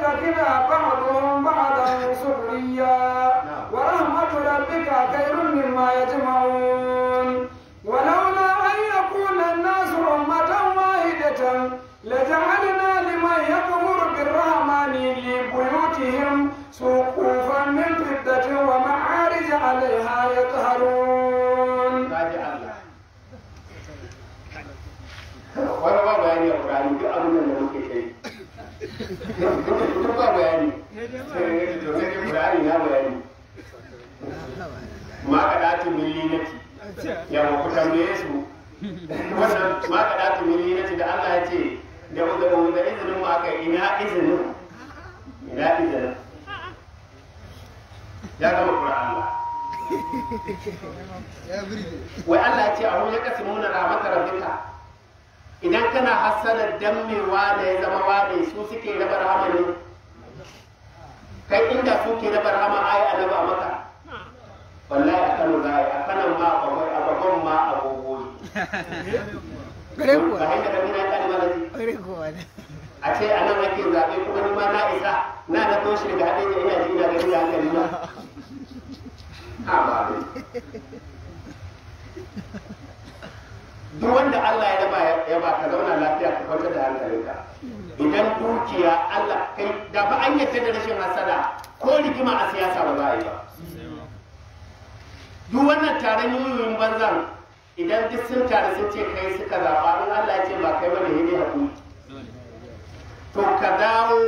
يتخذ بعضهم بعضا سخريا نعم. ورحمة ربك خير مما يجمعون ولولا أن يكون الناس أمة واحدة لجعلنا لمن يكفر بالرحمن لبيوتهم سقوفا من فضة ومعارج عليها يطهرون wani ba bayani a ƙwararri duk abin da muke kai duk ba bayani eh, to sai dai bayani na bayani ma ka dati millinati yawa ku tambaye su wannan ma ka dati nati da Allah ya ce da da da izinin ma ka ina izinin ina izinin ya gama Qur'an Allah wai Allah ya ce a hujja kasimuna rahmatar rabbika idan kana hassanar dan da ya zama wane su suke na rahama ne kai inda suke na rahama ai a raba maka wallahi a kano zai a yi a kanan ma a babban ma a gogoyi gare ba hanyar da mina kani mana ji a ce a nan ake zaɓe kuma ni ma na isa na da toshe da haɗe da ina ji ina gari da hankali ma a ba duk wanda Allah ya dafa ya ba ka zauna lafiya ka kwanta da hankalinka idan dukiya Allah kai da ba an yadda da rashin hasada ko rigima a siyasa ba za a yi ba duk wannan taron yuyuyin banzan idan duk sun taru sun ce kai suka zaɓa in Allah ya ce ba kai bane ne haku to ka dawo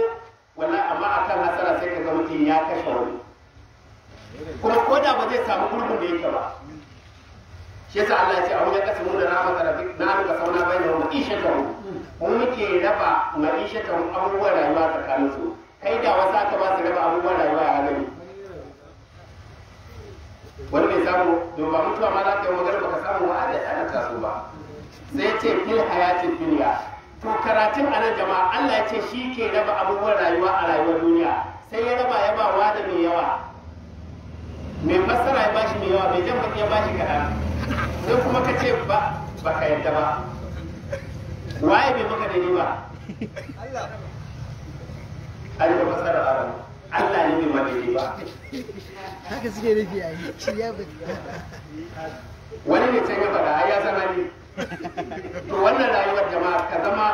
wala amma akan hasara sai ka ga mutum ya kashe wani kuma ko da ba zai samu gurbin da yake ba shi yasa Allah ya ce a wajen kasu muna da rahmat na ruka sauna bainahum ma'ishatan mu muke raba ma'ishatan abubuwan rayuwa tsakanin su kai da wasu aka ba su raba abubuwan rayuwa ya gani wani bai samu don ba mutuwa ma za ka yi magana baka samu ba da ana taso ba sai ce fil hayatin duniya to karatun a nan jama'a Allah ya ce shi ke raba abubuwan rayuwa a rayuwar duniya sai ya raba ya ba wa da mai yawa mai fassara ya bashi mai yawa mai jan baki ya bashi kaɗan sai kuma ka ce ba ba ka yadda ba waye bai maka daidai ba Allah ai ba fasara aran Allah ne bai ma daidai ba haka suke nufi a yi shi ya ba wani ne can ya faɗa ya zama ne to wannan rayuwar jama'a ka zama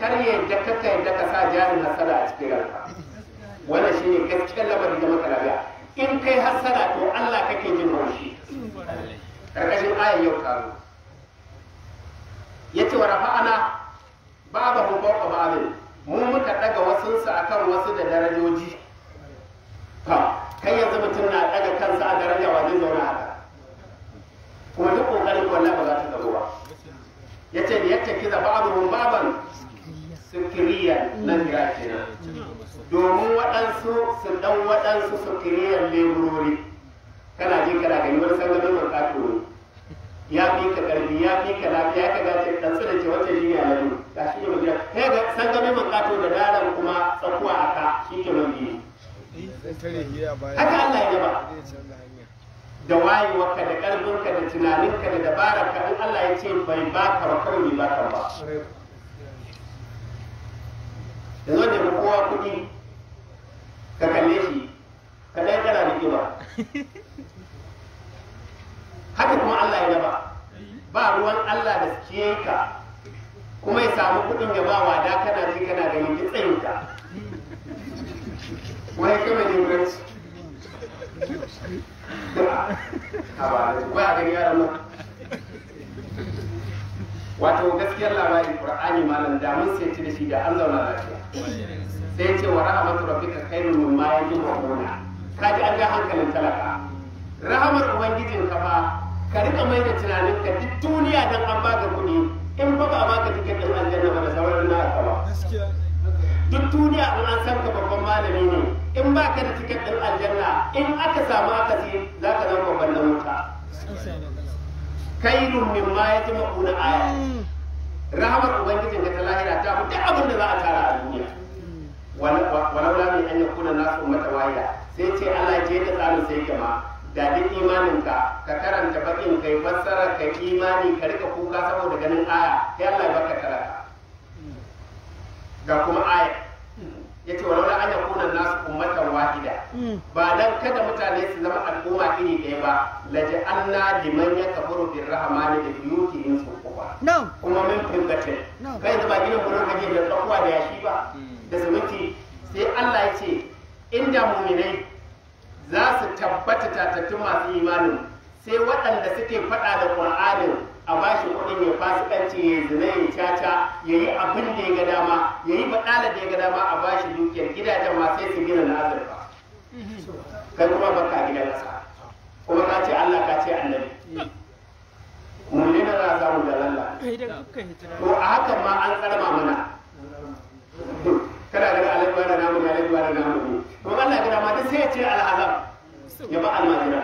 kar yadda ka ka yadda ka sa na hasara a cikin ranka wannan shine gaskiyar lamarin da maka rabiya in kai hasara to Allah kake jin haushi ƙarƙashin ayar yau karu ya ce wa rafa'ana ba ba hukumar ba abin mu muka ɗaga wasu a kan wasu da darajoji kai yanzu mutum na ɗaga kansa a daraja wa zai zauna haka kuma duk ƙoƙarin kwallon ba za ta zama ba ya ce da yadda kiza ba abubuwan baban sukiriya nan fira kenan domin waɗansu su ɗan waɗansu sukiriyar leburori kana je kana gani wani da mai kato ya fi ka karfi ya fi ka lafiya ka gace dan tsira ce wacce jini a lalu ga shi ne magana kai ga sallame mai kato da daren kuma tsakuwa ka shi ke wani biyu haka Allah ya ba da wayewarka da ƙarfinka da tunaninka da dabararka in Allah ya ce bai ka ba kawai bai ka ba yanzu da kowa kuɗi ka kalle shi kadan kana da kima haka kuma Allah ya raba ba ruwan Allah da suke ka kuma ya samu kuɗin ya ba wada kana ji kana gani ki tsayin ka wai kama ne barci a ba a gani yaran mu. wato gaskiyar labarin qur'ani malam da mun sai ci da shi da an zauna lafiya sai ce wa rahmatu rabbika khairun mimma yajma'una kaji an ga hankalin talaka rahamar ubangijin ka fa ka rika mai da tunanin ka duk duniya dan an baka kuɗi in ba ba ka tiket da aljanna ba da sauran na ka ba duk duniya in an san ka babban malami ne in ba ka da tiket da aljanna in aka samu ji za ka zama babban na wuta kairun min ma ya ji ma'una aya mm. rahamar ubangijin ka ta lahira ta fi duk abin da za a tara a duniya mm. walaula ne an kuna nasu ummatan waya sai ce Allah ce ta tsarin sai kama da duk imaninka ka karanta bakin kai fassara ka imani ka rika kuka saboda ganin aya sai Allah ya baka karaka ga kuma aya ce walau an yakuna nasu ummatan wahida hmm. ba dan kada mutane su zama al'umma iri ɗaya ba laji ja'alna liman yakfuru bir rahmani bi su suquba kuma min fimbatin kai da bakin gurin kaje da tsakuwa da yashi ba hmm. da zumunci sai Allah ya ce inda muminai za su tabbata tatattu masu imanin sai waɗanda suke faɗa da ƙur'anin a bashi kuɗin ya ɗanci ya zina ya caca ya yi abin da ya ga dama ya yi baɗala da ya ga dama a bashi dukiyar gidajen ma sai su gina nazar ba kai kuma baka gidan ƙasa kuma ka ce Allah ka ce annabi mulina na da lalla to a hakan ma an tsarma mana kada a daga alaiwa da namu da alaiwa da namu ne don Allah ya gada ma duk sai ya ce al'azab ya ba almajira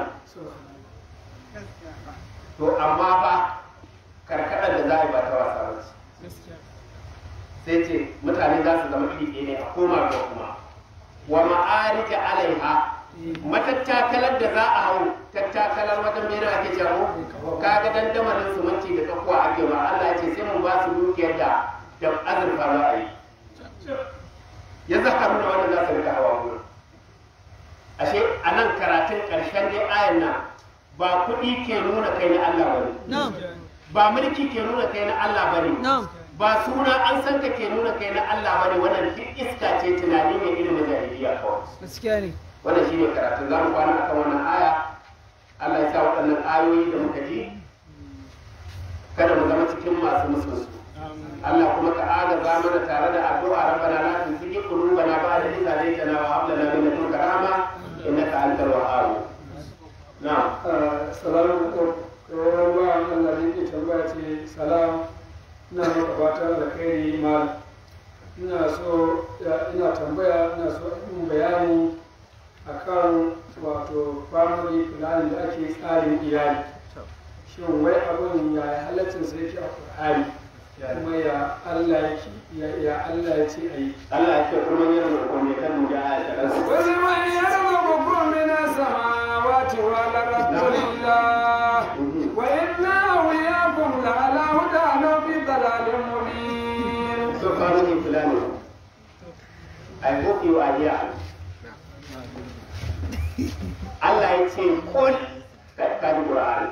to amma ba karkaɗar da za a yi ba ta wasa ba sai ce mutane za su zama iri ne a koma ga kuma wa ma'arika alaiha matattakalar da za a hau tattakalar wata mena ake jawo kaga dandamalin sumunci da kakuwa ake ba Allah ce sai mun ba su dukiyar da da azurfa za a yi yanzu haka nuna wannan za su rika hawa gona ashe a nan karatun ƙarshen dai ayan nan ba kuɗi ke nuna kai na Allah ba ne ba mulki ke nuna kai na Allah ba ne ba suna an san ka ke nuna kai na Allah ba ne wannan shi iska ce tunani ne irin na jahiliya kawai gaskiya ne wannan ne karatun za mu kwana akan wannan aya Allah ya sa waɗannan ayoyi da muka ji kada mu zama cikin masu musulunci Allah kuma ka ba mana tare da addu'a rabbana la tuzigh qulubana ba'da idh hadaytana wa hab lana min ladunka rahma innaka antal wahhab na'am assalamu uh, alaikum ba Allah ne ke tambaya ce salam ina maka fatan alkhairi mal ina so ina tambaya ina so in bayani akan wato family planning da ake tsarin iyali shin wai abin ya halaccin sai ke a Qur'ani kuma ya Allah ya ce a yi Allah ya ce kuma yana roƙon ne kan muga a yaran su wani ma ya zama babban mina samawati wa la rasulillah mhm. wa inna wa yakum la ala huda na fi dalalin mubin so faru ne fulani I hope you are here Allah ya ce kun ka ka Qur'an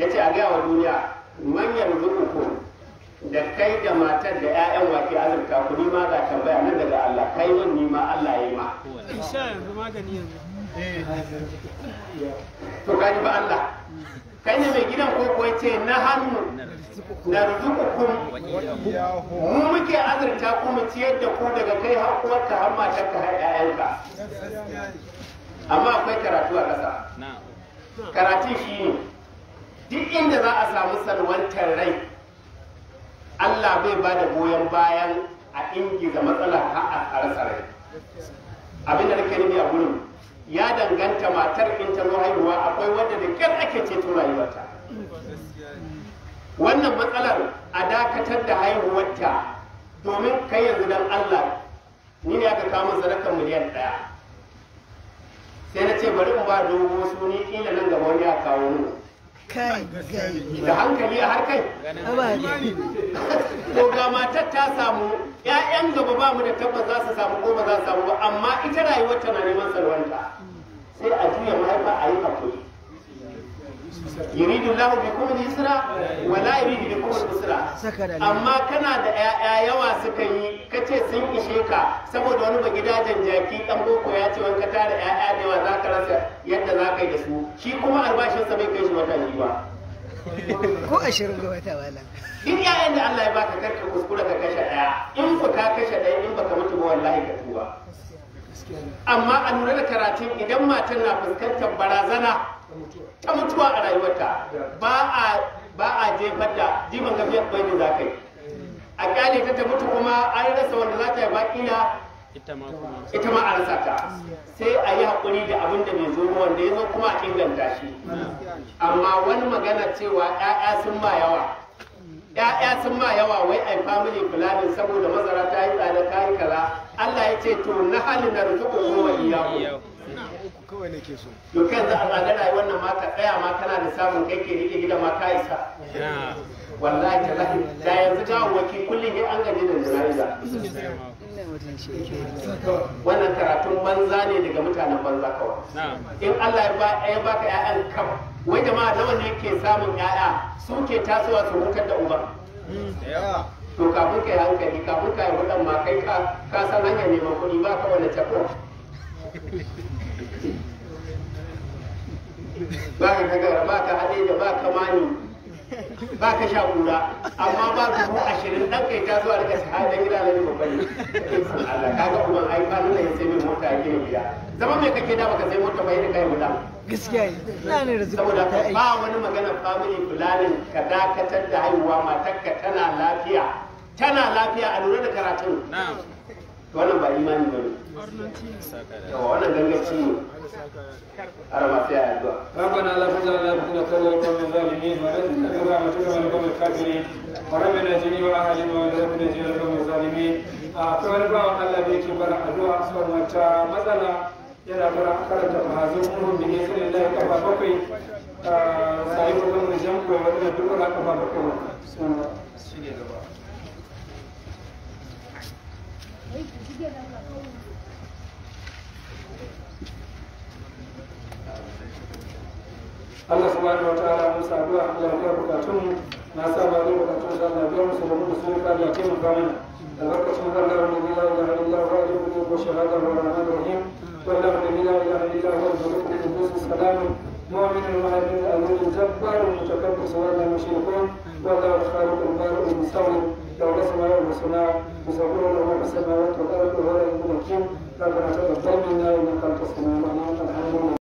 yace a ga wa duniya man yarzuqukum da kai da matar da 'ya'yan wake azurta ku ni ma ga tambaya nan daga Allah kai min ni ma Allah ya yi ma eh. to gani ba Allah kai ne mai gidan ko kuwa ce na hannu na kun mu muke azurta ku mu ciyar da ku daga kai har uwarka har matarka har 'ya'yanka amma akwai karatu a ƙasa karatun shi ne duk inda za a samu salwantar rai Allah bai ba da goyon bayan a ingiza matsala ha'a a tsare-tsare abin da nake nufi a gurin ya danganta matar in ta zo haihuwa akwai wanda da kyar ake ceto rayuwarta wannan matsalar a dakatar da haihuwarta domin kai yanzu dan Allah ni ne aka kama sadakar miliyan ɗaya sai na ce bari in ba dogo su ni kila nan gaba wani ya kawo mu kai da hankali har kai ko ga matar ta samu ƴaƴan gaba ba mu da tabbas za su samu ko ba za su samu ba amma ita rayuwar tana neman salwanta sai a juya mahaifa a yi hakuri يريد الله بكم اليسرى ولا يريد بكم اليسرى اما al دا amma kana da 'ya'ya yawa suka yi kace sun ishe ka saboda wani magidajen jaki dan boko ya ce wanka tare ƴaƴa da yawa zaka rasa yadda zaka yi da su shi kuma bai kai shi wata ba ko ashirin ga wata wala duk da Allah ya baka karka kuskura ka kashe ɗaya in ku ka kashe ɗaya in ba ka mutu ba wallahi ka tuwa. amma a nuna da karatun idan matan na fuskantar barazana ta mutuwa a rayuwarta ba a jefar da jiman gafiyar kwai da zakai a kyale ta ta mutu kuma an rasa wanda za ta yi bakila ita ma a rasa ta sai a yi haƙuri da abin da mai zo wanda ya zo kuma a inganta shi amma wani magana cewa 'ya'ya sun ma yawa ‘ya'ya sun ma yawa wai ai family fulani saboda masara ta yi tsada ta yi kaza Allah ya ce to na halin da rufe ko iyaku. kawai nake so to kan za a zaga rayuwar nan ma ka tsaya ma kana da samun kai ke rike gida ma ka isa wallahi lahi da yanzu ta waki kullum ya an gaji da jana'iza wannan karatun banza ne daga mutanen banza kawai in Allah ya baka 'ya'yan kam wai jama'a nawa ne ke samun 'ya'ya su ke tasowa su hutar da uba to kafin ka yi hankali kafin ka yi hudan ma kai ka san hanyar neman kuɗi ba ka wani tafiya. ba ka tagara ba ka hadeja ba ka mani ba ka sha kura amma ba ka ko ashirin ɗan kai ta zuwa daga shahada gida na da babban Allah ka ga kuma ai ba nuna sai mai mota yake gina gida zama mai kake da baka sai mota bai da kai guda gaskiya na ne da saboda ba wani magana family planning ka dakatar da haihuwa matarka tana lafiya tana lafiya a lura da karatun wannan ba imani ba ne yawa wannan gangaci ne har da sai a addu'a wani لا تجعل a فتنة na jini الظالمين وأنت كما أمتنا من na jini da جميع أهلنا a kawai ba allah da yake a tsawon wata matsala yana fara karanta kuma bin kafa bakwai duk wani kafa bakwai Allah subhanahu wa ta'ala mun sabu a Allah ya bukatun mu na sa ba da bukatun sa Allah ya musu da mu sun ka da kai mu kamun albarkatun Allah wa la ilaha illa huwa al-hayyul wa shahada wa rahman rahim wa la ilaha illa huwa al-hayyul qudus salam مؤمن مهيمن أمير جبار متكبر ولا مشركون ولا خالق البارئ المستغرب لو نسمع أنفسنا يسبح له في السماوات والأرض ولا يكون مكين ربنا تقبل منا إنك أنت السميع العليم